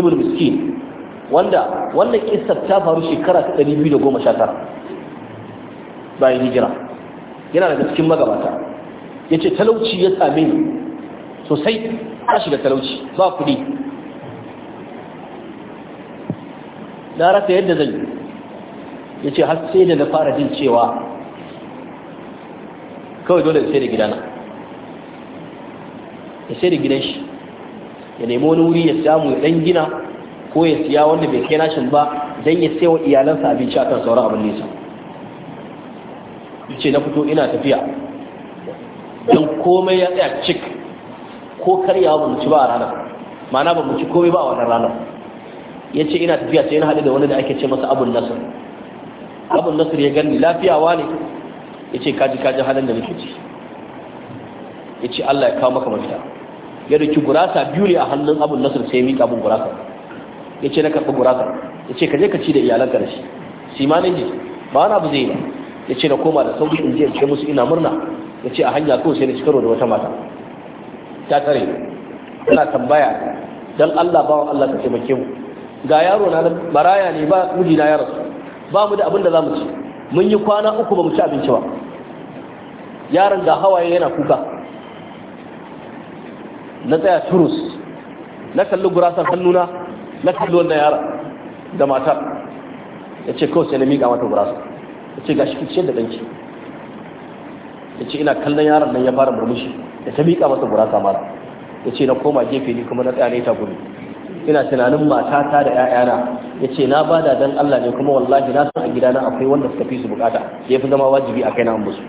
ibn Miskin wanda wannan kissar ta faru shekara ta bayan hijira yana daga cikin magabata Ya ce talauci ya same ni sosai a shiga talauci ba kudi na rasa yadda zan yi ya ce har sai da na fara jin cewa kawai dole sai da gidana ya sai da gidan shi ya nemi wani wuri ya samu ya dan gina ko ya siya wanda bai kai nashin ba don ya sayawa iyalansa abinci a kan sauran abin nesa ce na fito ina tafiya don komai ya tsaya cik ko karyawa ba mu ci ba a ranar mana ba mu ci komai ba a wannan ranar ya ce ina tafiya sai na haɗu da wani da ake ce masa abun nasir abun nasir ya gani lafiyawa ne ya ce kaji kaji halin da nake ci ya ce allah ya kawo maka mafita ya dauki gurasa biyu ne a hannun abun nasir sai ya miƙa abun gurasa ya ce na karɓi gurasa ya ce ka je ka ci da iyalanka da shi simanin ji ba wani abu zai ba ya ce na koma da sauri in je in ce musu ina murna ya ce a hanya ko sai na ci karo da wata mata ta tsare Ina tambaya dan Allah bawan Allah ka taimake mu ga yaro na maraya ne ba miji na yaro ba mu da abin da zamu ci mun yi kwana uku ba mu ci abinci ba yaron da hawaye yana kuka na tsaya turus na kalli gurasar hannuna na kalli wannan yara da matar ya ce kawai sai na miƙa mata gurasa ya ce gashi kiciyar da ɗanki ya ce ina kallon yaran nan ya fara murmushi Ya ta miƙa mata gurasa mara ya ce na koma gefe ni kuma na tsaya ne ta gudu ina tunanin matata da 'ya'yana ya ce na bada don Allah ne kuma wallahi na san a gidana akwai wanda suka fi su bukata ya fi zama wajibi a kai na ambusu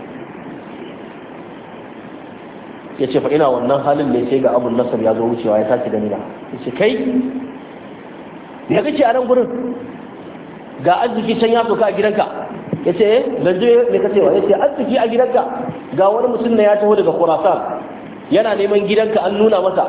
ya ce fa ina wannan halin ne sai ga abun nasar ya zo wucewa ya tashi da nuna ya ce kai me kake a nan gurin ga arziki can ya soka a gidanka ya ce eh, ban je me ya ce arziki a gidanka ga wani mutum na ya taho daga kurasa yana neman gidanka an nuna masa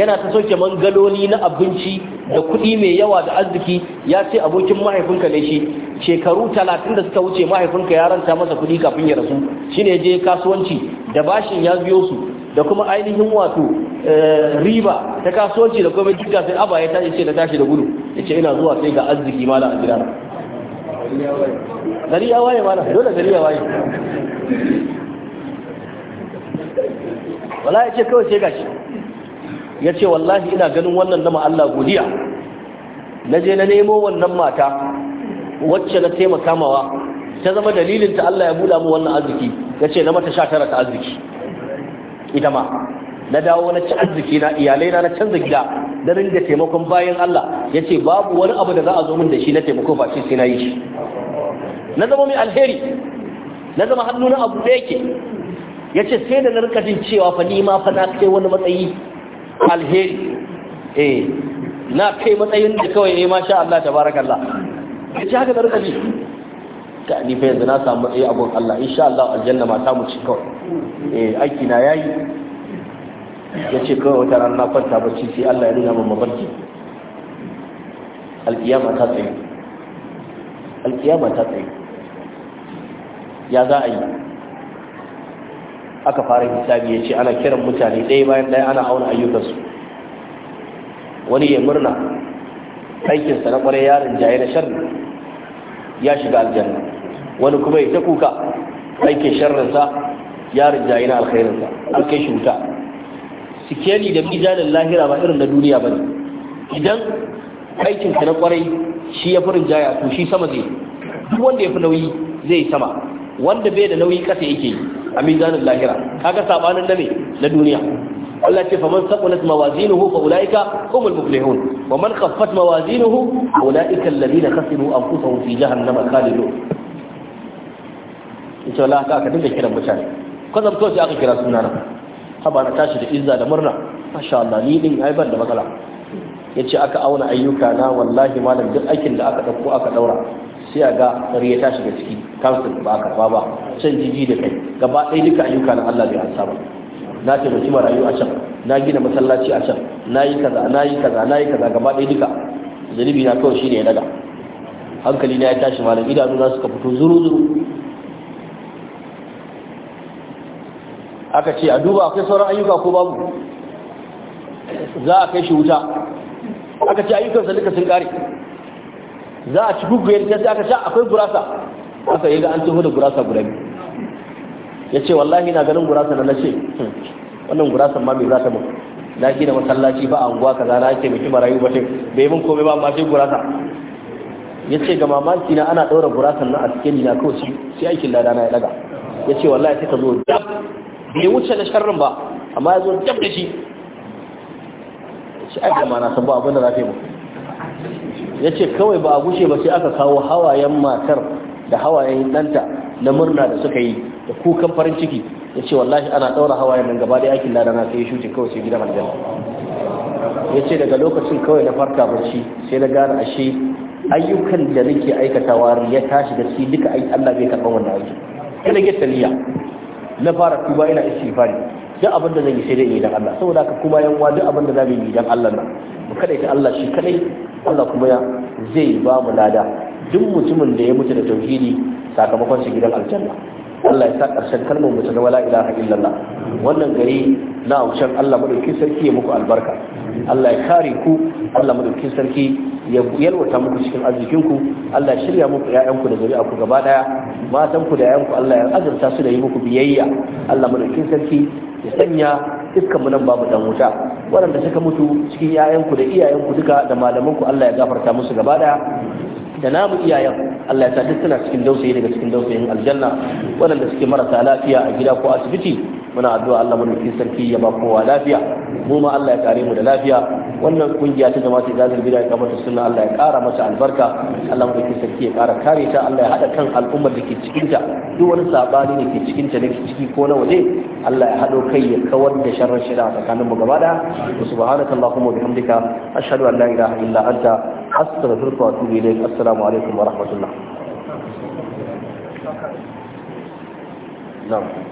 yana ta soke mangaloli na abinci da kuɗi mai yawa da arziki ya ce abokin mahaifinka ne shi shekaru talatin da suka wuce mahaifinka ya ranta masa kuɗi kafin ya rasu shine je kasuwanci da bashin ya biyo su da kuma ainihin wato eh, riba ta kasuwanci da kuma duk sai aba ya ce da tashi da gudu yace ina zuwa sai ga arziki mala a gidana gari ya waye mala dole gari ya waye wala yace kawai sai gashi ce wallahi ina ganin wannan nama Allah godiya na je na nemo wannan mata wacce na taimaka mawa ta zama dalilin ta Allah ya buɗa mu wannan arziki Ya ce na mata sha tara ta arziki ita ma na dawo na ci arziki na iyalai na na canza gida da ringa taimakon bayan Allah ya ce babu wani abu da za a zo min da shi na taimako ba sai na yi shi na zama mai alheri na zama hannu na abu da yake ya ce sai da na rika jin cewa fa ni ma fa na kai wani matsayi alheri eh na kai matsayin da kawai ma masha Allah tabarakallah ya ce haka na rika ji ka ni fa yanzu na samu matsayi abun Allah insha Allah aljanna ma ta mu ci kawai eh aiki na yayi ya ce kawai wata rana na kwanta bacci sai Allah ya nuna min mafarki alkiyama ta tsaye alkiyama ta tsaye ya za a yi aka fara hisabi ya ce ana kiran mutane ɗaya bayan ɗaya ana auna ayyukansu wani ya murna aikinsa na ƙwarai yaron jaye na sharri ya shiga aljanna wani kuma ya ta kuka aikin sharrinsa yaron jaye na alkhairinsa an kai shi wuta sikeli da mizanin lahira ba irin na duniya ba ne idan aikinka na kwarai shi ya furin jaya to shi sama zai duk wanda ya fi nauyi zai sama wanda bai da nauyi kasa yake a mizanin lahira kaga sabanin da me na duniya Allah ce faman saqulat mawazinuhu fa ulaika humul muflihun wa man khaffat mawazinuhu fa ulaika alladhina khasiru anfusahum fi jahannama khalidun insha Allah ka dinga kiran mutane kwazam kawai aka kira sunana haba na tashi da izza da murna masha Allah ni din ai ban da matsala yace aka auna ayyuka na wallahi malam duk aikin da aka dauko aka daura sai a ga kare ya tashi da ciki kafin ba ka karba ba can jiji da kai gaba ɗaya duka ayyuka na Allah bai ansa ba na taimaki marayu a can na gina masallaci a can na yi kaza na kaza na kaza gaba ɗaya duka zunubi na kawai shine ya daga hankali na ya tashi malam idanu na suka fito zuru zuru aka ce a duba akwai sauran ayyuka ko babu za a kai shi wuta aka ce ayyukansa duka sun kare za a ci yadda ta aka sha akwai gurasa aka yi ga an tuhu da gurasa guda biyu ya ce wallahi na ganin gurasa na nace hmm, wannan gurasan ma mai za ta na na gina masallaci ba a unguwa ka na ake kima marayu ba bai mun komai ba amma gurasa ya ce ga mamaki na ana ɗaura gurasan na a cikin na kawai sai aikin ladana ya daga ya ce wallahi sai ka zo dab bai wuce na sharrin ba amma ya zo da shi shi aka ma na san ba abin da za ta ba ya ce kawai ba a gushe ba sai aka kawo hawayen matar da hawayen ɗanta na murna da suka yi da kukan farin ciki ya ce wallahi ana ɗaura hawayen nan gaba da yakin lada na sai shuce kawai sai gida aljanna ya ce daga lokacin kawai na farka barci sai na gane ashe ayyukan da nake aikatawa ya tashi da shi duka Allah bai karɓa wannan aiki Kana na fara tuba ina istighfari duk abin da zan yi sai dai idan Allah saboda ka kuma yan duk abin da zamu yi idan Allah na. mu kada ta Allah shi kadai Allah kuma ya zai ba mu lada duk mutumin da ya mutu da tauhidi sakamakon shi gidan aljanna Allah ya sa ƙarshen kalmar mutu na wala ilaha illallah wannan gari na aushen Allah madauki sarki ya muku albarka Allah ya kare ku Allah madaukakin sarki ya yalwata muku cikin arzikinku Allah ya shirya muku ƴaƴanku da zuri'a ku gaba daya matan ku da ƴaƴanku Allah ya azurta su da yi muku biyayya Allah madaukakin sarki ya sanya dukkan mu nan babu dan wuta waɗanda suka mutu cikin ƴaƴanku da iyayenku duka da malamanku Allah ya gafarta musu gaba daya da namu iyayen Allah ya sa duk suna cikin dausayi daga cikin dausayin aljanna waɗanda suke marasa lafiya a gida ko asibiti muna addu'a Allah madaukakin sarki ya ba kowa lafiya mu ma Allah ya kare mu da lafiya wannan kungiya ta jama'a ta zazzabi da kamar sunna Allah ya kara mata albarka Allah madaukakin sarki ya kara kare ta Allah ya hada kan al'ummar da ke cikin ta duk wani sabani ne ke cikin ta ne ciki ko na waje Allah ya hado kai ya kawar da sharrin shida tsakanin mu gaba da subhanakallahumma wa bihamdika ashhadu an la ilaha illa anta astaghfiruka wa atubu ilayk assalamu alaikum wa rahmatullah نعم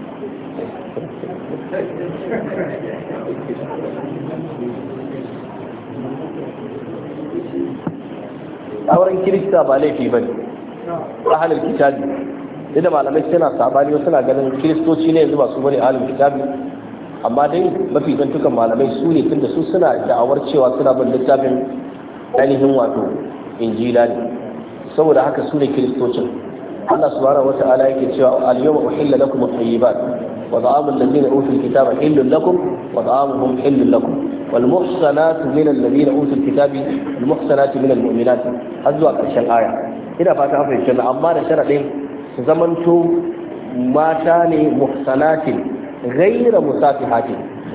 auren kirista ba laifi ba ne a halin kitabi da malamai suna sabani wasu na ganin kiristoci ne yanzu masu su bane halin kitabi amma dai mafi zantukan malamai su ne tunda su suna da'awar cewa suna bin littafin ainihin wato injila ne saboda haka su ne kiristocin Allah subhanahu ala yake cewa al-yawma uhilla lakum at-tayyibat وطعام الذين أوتوا الكتاب حل لكم وطعامهم حل لكم والمحصنات من الذين أوتوا الكتاب المحصنات من المؤمنات هذا قرشن آية هنا فاتحة في الجنة أما شرعين زمنتم ما كان محصنات غير مسافحات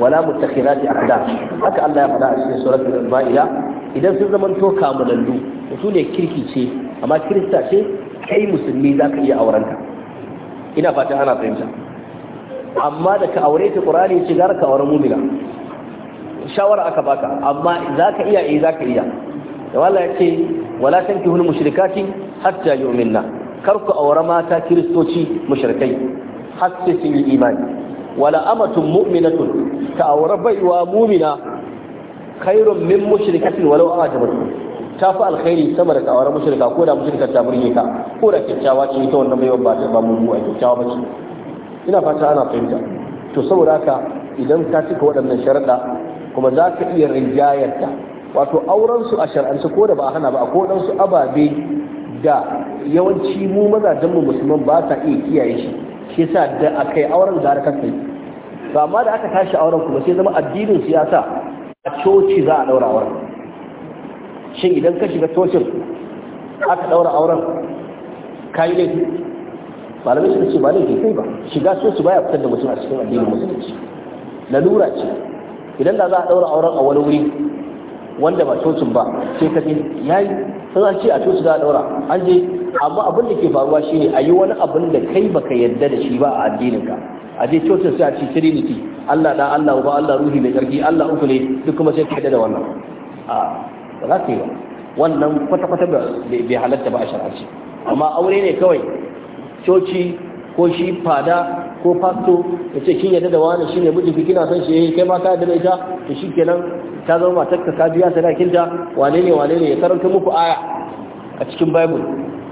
ولا متخذات أحداث هكا الله يفعل في سورة المائدة إذا زمنتم كاملالو وسوني كيركي شيء أما كريستا شيء kai musulmi za ka iya aurenta ina fata ana fahimta amma da ka aure ta qur'ani ce gara ka aure mu'mina shawara aka baka amma za ka iya eh, za ka iya da wala ce wala tankihul mushrikati hatta yu'minna kar ku aure mata kiristoci mushrikai har sun yi imani wala amatun mu'minatun ka aure baiwa mu'mina khairun min mushrikatin walau a'jabatkum ta fi alkhairi sama da kawar mushrika ko da mushrika ta burge ka ko da kyakkyawa ce ita wannan mai ba ta ba mu a kyakkyawa ba ce ina fata ana fahimta to saboda haka idan ka cika waɗannan sharaɗa kuma za ka iya rinjayarta ta wato auren su a shar'ance ko da ba a hana ba ko dan ababe da yawanci mu mazajen mu musulman ba ta iya kiyaye shi shi sa da akai auren gara ka kai ba amma da aka tashi auren kuma sai zama addinin siyasa a coci za a ɗaura auren shin idan ka shiga cocin aka ɗaura auren yi laifi malamai suka ce ba laifi kai ba shiga so su baya fitar da mutum a cikin addinin musulunci lalura ce idan da za a daura auren a wani wuri wanda ba cocin ba sai ka yayi sai za ce a coci za a daura an je amma abin da ke faruwa shine a yi wani abin da kai baka yarda da shi ba a addinin ka a je cocin sai a ce trinity Allah da Allah uba Allah ruhi mai tsarki Allah uku ne duk kuma sai ka da wannan a ba za ka yi ba wannan kwata-kwata bai halatta ba a shar'arci amma aure ne kawai coci ko shi fada ko fasto ya ce kin yadda da wani shi ne mijinki kina son shi eh, kai ma ka da ita to shi kenan ta zama matar ka biya sadakinta wane ne wane ne ya karanta muku aya a cikin bible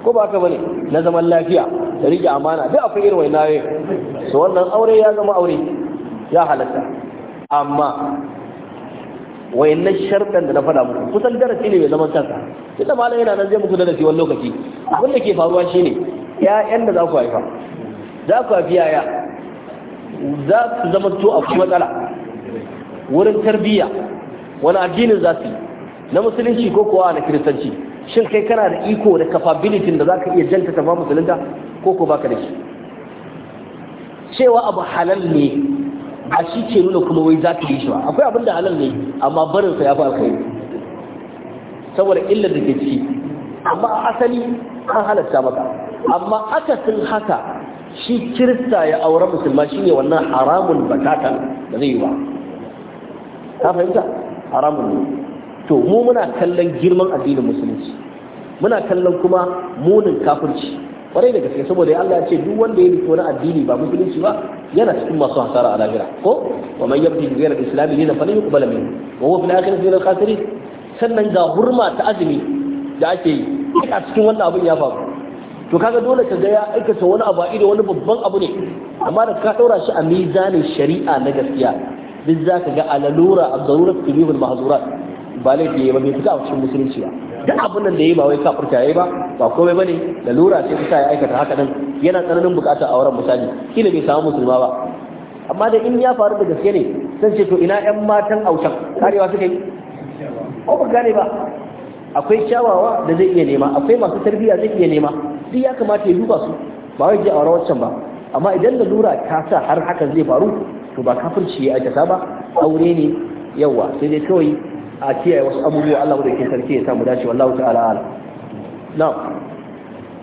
ko ba haka bane na zaman lafiya da rike amana duk akwai irin wannan ayoyi so wannan aure ya zama aure ya halatta amma wayannan sharkan da na faɗa muku kusan darasi ne mai zaman kansa tunda malamin yana nan zai muku darasi wani lokaci abin da ke faruwa shine ya'yan da za ku haifa za ku haifi yaya za su zama to a matsala wurin tarbiyya wani addinin za su yi na musulunci ko kuwa na kiristanci shin kai kana da iko da kafabilitin da za ka iya janta ta ma musulunta ko ko baka da shi cewa abu halal ne a shi ke nuna kuma wai za ka yi shi ba akwai abin da halal ne amma barinsa ya fi kai saboda illar da ke ciki amma a asali an halatta maka amma aka sun haka shi kirista ya aure musulma shine wannan haramun bakatan da zai yi ba ka fahimta haramun ne to mu muna kallon girman addinin musulunci muna kallon kuma munin kafirci kwarai da gaske saboda ya Allah ya ce duk wanda ya rike wani addini ba musulunci ba yana cikin masu hasara a lahira ko wa man yabdi bi ghayri al-islam dinan falan yuqbal minhu wa huwa fil akhirati min al-khasirin sannan ga hurma ta azumi da ake yi a cikin wannan abin ya faru to kaga dole ka ga ya aikata wani abu a ido wani babban abu ne amma da ka ɗaura shi a mizanin shari'a na gaskiya duk za ka ga alalura a zarurar tubihul mahazura ba laifi ya ba bai fita a cikin musulunci ba duk abin nan da ya yi ba wai kafirta ya yi ba ba komai bane lalura sai ta ya aikata haka nan yana tsananin bukata a wurin misali kila bai samu musulma ba amma da in ya faru da gaske ne sai ce to ina yan matan autan karewa suka yi ko ba gane ba akwai kyawawa da zai iya nema akwai masu tarbiya zai iya nema duk ya kamata ya duba su ba wai ji a waccan ba amma idan lura ta sa har hakan zai faru to ba kafirci ya aikata ba aure ne yawa sai dai kawai a kiyaye wasu abubuwa Allah da ke sarki ya samu dace wallahu ta'ala ala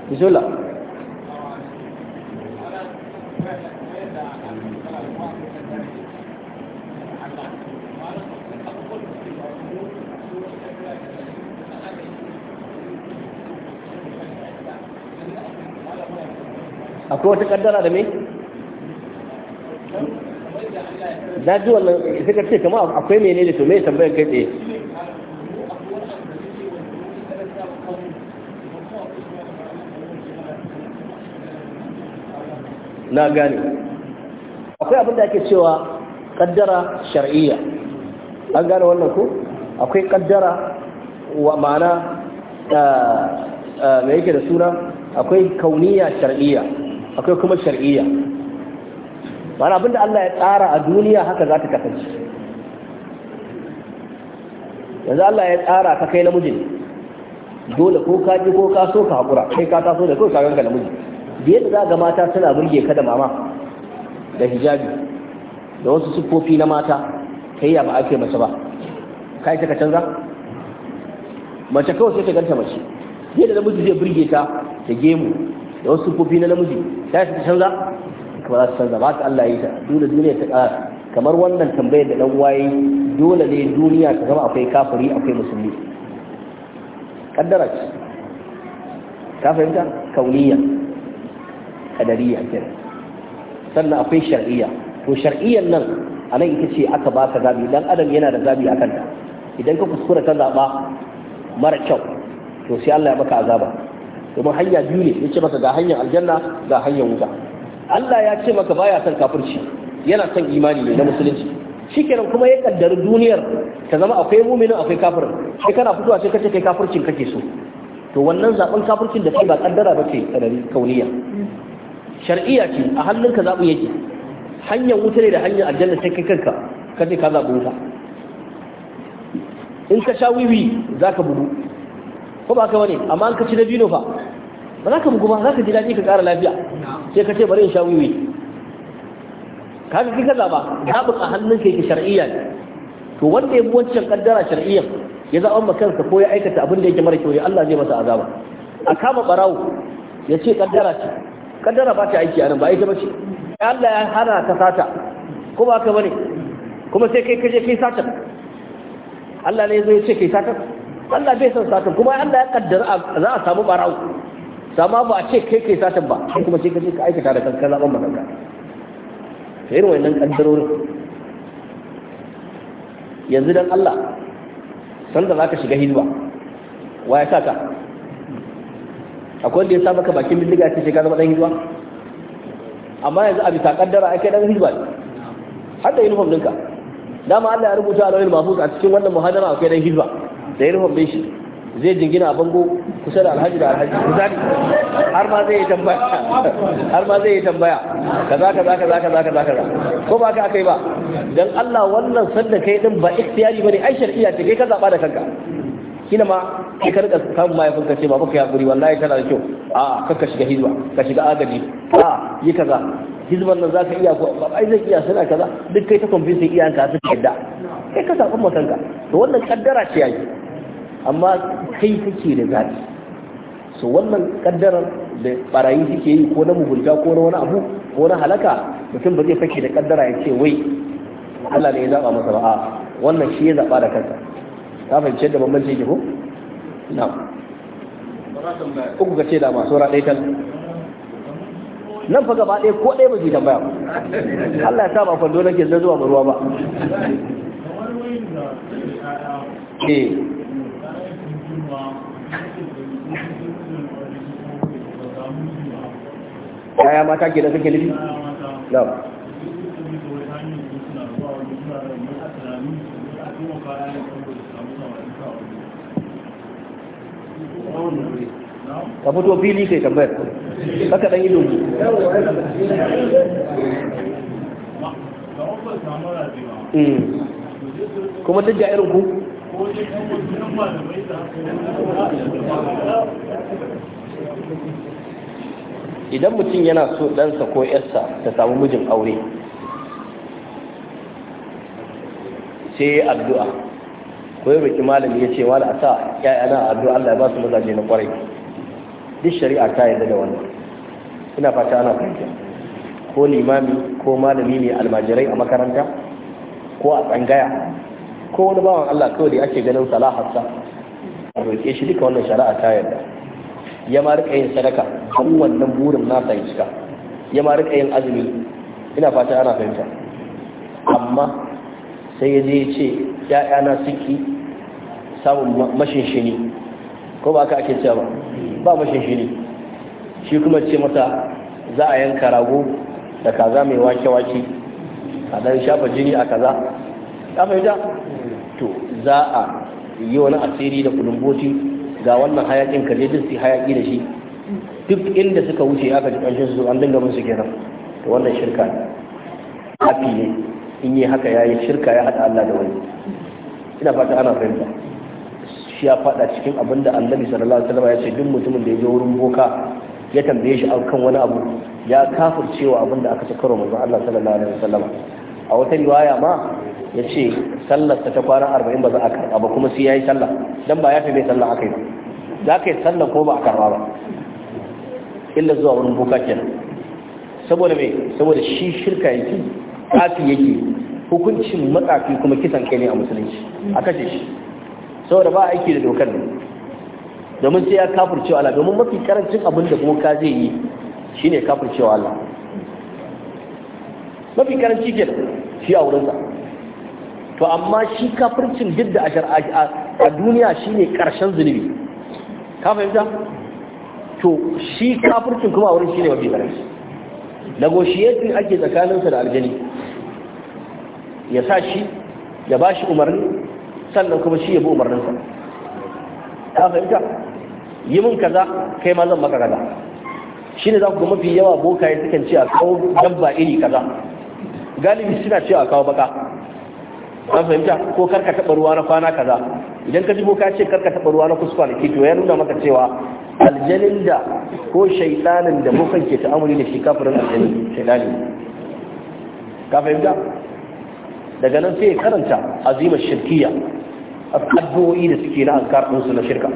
bismillah akwai wata kaddara da me na ji wannan suka ce kama akwai mene ne to me tambayar kai tsaye na gane akwai abin da ake cewa kaddara shar'iyya an gane wannan ku akwai kaddara wa ma'ana eh, eh, me yake da suna akwai kauniya shar'iyya akwai kuma shar'iyya mana abinda Allah ya tsara a duniya haka za ta kasance yanzu Allah ya tsara ka kai namijin dole ko ka ji ko ka so ka haƙura kai ka taso da kai ka ka namiji Biye da za ga mata suna burge ka da mama da hijabi da wasu siffofi na mata kai ya ba ake mace ba kai ta ka canza mace kawai sai ta ganta mace Biye da namiji zai burge ta ta gemu da wasu sufofi na namiji ta shi ta canza ba za su canza ba ta Allah ya yi ta dole duniya ta ƙara kamar wannan tambayar da dan waye dole ne duniya ta zama akwai kafiri akwai musulmi kaddara ce ka fahimta kauniya kadariya kenan sannan akwai shar'iyya to shar'iyyar nan a nan ita ce aka ba ka zaɓi. dan adam yana da zaɓi a kanta idan ka kuskura ka zaɓa mara kyau to sai Allah ya maka azaba domin hanya biyu ne ya ce masa ga hanyar aljanna ga hanyar wuta Allah ya ce maka baya son kafirci yana son imani ne na musulunci shikenan kuma ya kaddari duniyar ta zama akwai muminin akwai kafir sai kana fitowa sai kace kai kafircin kake so to wannan zaben kafircin da kai ba kaddara ba ce kadari kauniya shar'iyya ce a hannun ka zaɓin yake hanyar wuta ne da hanyar aljanna sai kai kanka kace ka zaɓi wuta in ka sha wiwi zaka ka bugu ko ba ka bane amma an ka ci na fa ba za ka bugu ba za ka ji daɗi ka ƙara lafiya sai ka ce bari in sha wiwi kaga kika zaba zaɓin ka hannun ka yake shar'iyya ne to wanda ya bi wancan kaddara shar'iyyar ya zaɓa ma kansa ko ya aikata abin da yake mara kyau ya Allah zai masa azaba a kama barawo ya ce kaddara ce kaddara ba ta aiki a nan ba ita ba ce Allah ya hana ka sata ko ba ka bane kuma sai kai kaje kai sata Allah ne zai ce kai sata Allah bai san satan kuma Allah ya kaddara za a samu bara'u, sama ba a ce kai kai satan ba kuma sai ka je ka aikata da kanka zaban maganka ta irin wannan kaddarorin yanzu dan Allah san za ka shiga hizba wa ya sa ka akwai wanda ya sa maka bakin bindiga ce sai ka zama dan hizba amma yanzu a bisa kaddara ake dan hizba ne har da uniform ɗinka dama Allah ya rubuta a lauyin mahfuz a cikin wannan muhadara akwai dan hizba da ya rufe shi zai jingina a bango kusa da alhaji da alhaji misali har ma zai yi tambaya har ma zai yi tambaya kaza kaza kaza kaza kaza za ko ba ka kai ba Don Allah wannan sanda kai din ba ikhtiyari bane ai shar'iyya ce kai ka zaba da kanka kina ma kai karka samun mahaifin ka ce ba kuka yaburi wallahi tana da kyau a kar ka shiga hizba ka shiga agaji a yi kaza hizban nan ka iya ko ai zai iya suna kaza duk kai ta convince iyanka su yadda kai ka zaɓi matanka to wannan kaddara ce yayi amma kai kake da zaɓi so wannan kaddarar da barayi suke yi ko na mugunta ko na wani abu ko na halaka mutum ba zai fake da kaddara ya ce wai Allah ne ya zaɓa masa ba'a wannan shi ya zaɓa da kansa ka fahimci yadda bambanci yake ko na uku ka ce da masu ra ɗaya tal nan fa gaba ɗaya ko ɗaya ba zai tambaya Allah ya sa ba kwando nake zuwa ruwa ba eh yaya mata ke nan kake nufi na ka fito fili kai tambayar ido hmm. kuma duk ku idan mutum yana so ɗansa ko yarsa ta samu mijin aure sai addu'a ko ya roƙi malami ya ce wani a sa ‘ya'yana addu'a Allah ya ba su mazaje na kwarai duk shari'a ta yarda da wannan ina fata ana fahimta ko limami ko malami ne almajirai a makaranta ko a tsangaya ko wani bawan Allah kawai da ake ganin salaharsa a roƙe shi duka wannan shari'a ta yarda ya ma rika yin sadaka don wannan burin nasa ya cika ya ma rika yin azumi ina fata ana fahimta amma sai ya ya ce ‘ya'yana suke samun shini ko ba ka ake cewa ba shini shi kuma ce mata za a yanka rago da kaza mai wake-wake a dan shafa jini a kaza ya fahimta to za a yi wani asiri da kulumboti? ga wannan hayakin ka je duk su hayaki da shi duk inda suka wuce aka ji ƙanshin su an dinga musu kenan to wannan shirka hafi ne in yi haka ya yi shirka ya haɗa Allah da wani ina fata ana fahimta shi ya faɗa cikin abin da annabi sallallahu alaihi wasallam ya ce duk mutumin da ya je wurin boka ya tambaye shi akan wani abu ya kafircewa abin da aka ci karo manzo Allah sallallahu alaihi wasallam a wata riwaya ma ya ce sallar ta ta kwana arba'in ba za a karɓa ba kuma sai ya yi sallah don ba ya fi mai sallah aka yi za ka yi sallah ko ba a karɓa ba illa zuwa wurin buka kenan saboda mai saboda shi shirka yake kafi yake hukuncin matsafi kuma kisan kai ne a musulunci a kashe shi saboda ba aiki da dokar ne domin sai ya kafurcewa Allah domin mafi karancin abin da ka zai yi shine kafurcewa Allah mafi karanci ke shi a wurinsa to amma shi kafircin duk da a duniya shi ne ƙarshen zunubi ka fahimta to shi kafircin kuma a wurin shi ne mafi karanci negotiating ake tsakaninsa da aljani ya sa shi ya ba shi umarni sannan kuma shi ya bi umarninsa ta fahimta yi min kaza kai ma zan maka kaza shi ne za ku mafi yawa bokaye sukan ce a kawo dabba iri kaza galibi suna cewa kawo baka an fahimta ko karka taɓa ruwa na kwana kaza idan ka jibo ka ce karka taɓa ruwa na kuskwa da to ya nuna maka cewa aljanin da ko shaidanin da mukan ke ta'amuri da shi kafirin aljani shaidani ka fahimta daga nan sai karanta azimar shirkiya addu'o'i da suke na azkar ɗinsu na shirka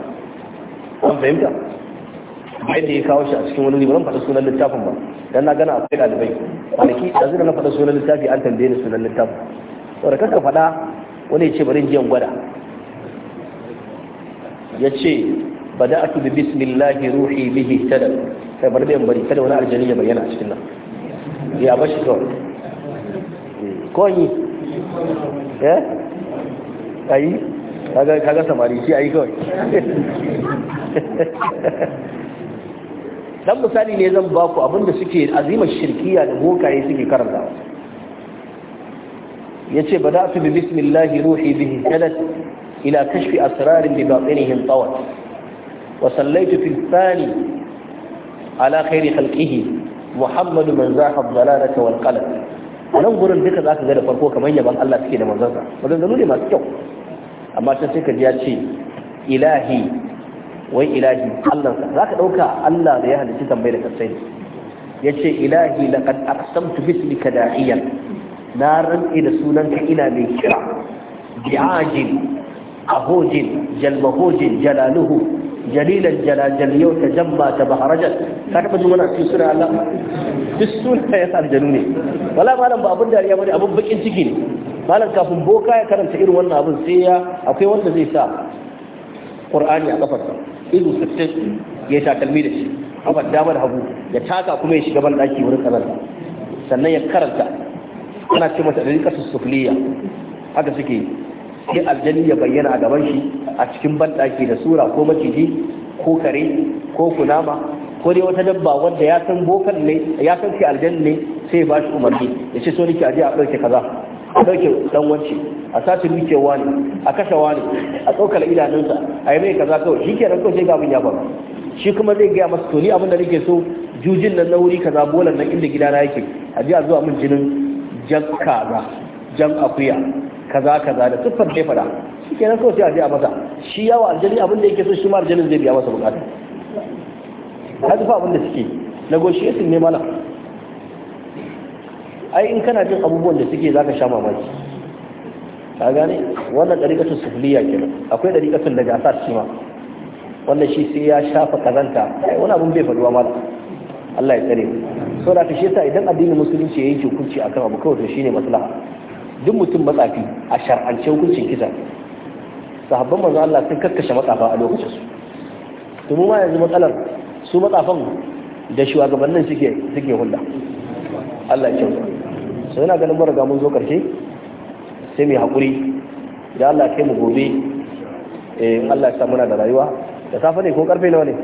an fahimta kamar yadda ya kawo shi a cikin wani zan faɗa sunan littafin ba dan na gana akwai ɗalibai kwanaki yanzu da na faɗa sunan littafi an tambaye ni sunan littafin Da kanka faɗa wani ya ce bari jiyan gwada ya ce bada aku bi bismillahi ruhi bihi tada, sai bari da bari kada wani aljani ya bayyana a cikin nan ya bashi kawai koyi eh ayi kaga kaga samari shi ayi kawai [laughs] dan misali ne zan ba ku abinda suke azimar shirkiya da bokaye suke karantawa yace su bi bismillahi ruhi bihi kadat ila kashfi asrarin bi batinihim tawat wa sallaytu fil thani ala khairi khalqihi muhammadu man zaha ad wal qalb nan gurin duka zaka ga da farko kamar yaban Allah suke da manzansa maganganu ne masu kyau amma sai ka ji ya ce ilahi wai ilahi allansa za ka ɗauka allah da ya halitta tambayi da kasai ya ce ilahi laqad aqsamtu bislika da'iyan na rantsi da sunanka ina mai kira bi'ajil ahojin jalmahojin jalaluhu jalilan jalajal yau ta jamba ta baharajar ka taɓa jin wani cikin suna Allah duk suna ya aljanu ne wala malam ba abin dariya bane abin bakin ciki ne malam kafin boka ya karanta irin wannan abin sai ya akwai wanda zai sa qur'ani a kafarsa izu sittin ya takalmi da shi kafar damar Habu ya taka kuma ya shiga ban daki wurin kazanta sannan ya karanta ana ce masa ɗari ƙasa sufliya haka suke sai aljani ya bayyana a gaban shi a cikin ban daki da sura ko maciji ko kare ko kunama ko dai wata dabba wanda ya san bokan ne ya san ki aljanni ne sai ya ba shi umarni ya ce so nake aje a ɗauke kaza a ɗauke dan wance a sace dukiyar wani a kashe wani a tsokar idanunsa a yi mai kaza kawai shi ke kawai sai ga abin ya faru shi kuma zai gaya masa to ni abin da nake so jujin nan na wuri kaza bolan nan inda gidana yake a ji a zuwa min jinin jan kaza jan akuya kaza kaza da siffar da ya fada shi ke kawai sai a je a masa shi yawa aljani abin da yake so shi ma aljanin zai biya masa bukata ka zufa abin da suke negotiation ne mana ai in kana jin abubuwan da suke zaka sha mamaki ka gane wannan dariƙatun sufliya kenan akwai dariƙatun da gasa shi ma wannan shi sai ya shafa kazanta ai wani abun bai faruwa ma Allah ya tsare so da kashe sa idan addinin musulunci ya yanke hukunci akan abu kawai to shine maslaha duk mutum matsafi a shar'ance hukuncin kisa sahabban manzo Allah sun kakkashe matsafa a lokacin su to mu ma yanzu matsalar su matsafan da shugabannin suke suke hulda Allah ya kyauta so yana ganin mara gamun mun zo karshe sai mai haƙuri da Allah ke mu gobe eh, in Allah ya sa muna da rayuwa da safe ne ko karfe nawa ne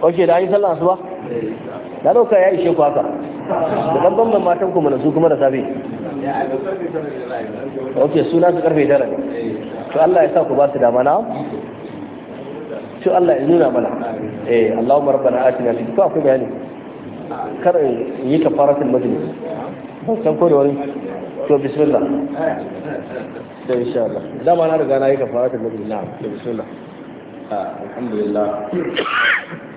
ok da an yi sallah asuba da dauka ya ishe ku haka da dan bamban matan ku mana su kuma da safe ok suna su karfe tara ne to Allah ya sa ku ba su dama na to Allah ya nuna mana eh Allahumma rabbana atina fid dunya hasanatan kar in yi kafaratul majlis ban san ko da wani to bismillah da insha Allah dama na riga na yi kafaratul majlis na to bismillah ah, alhamdulillah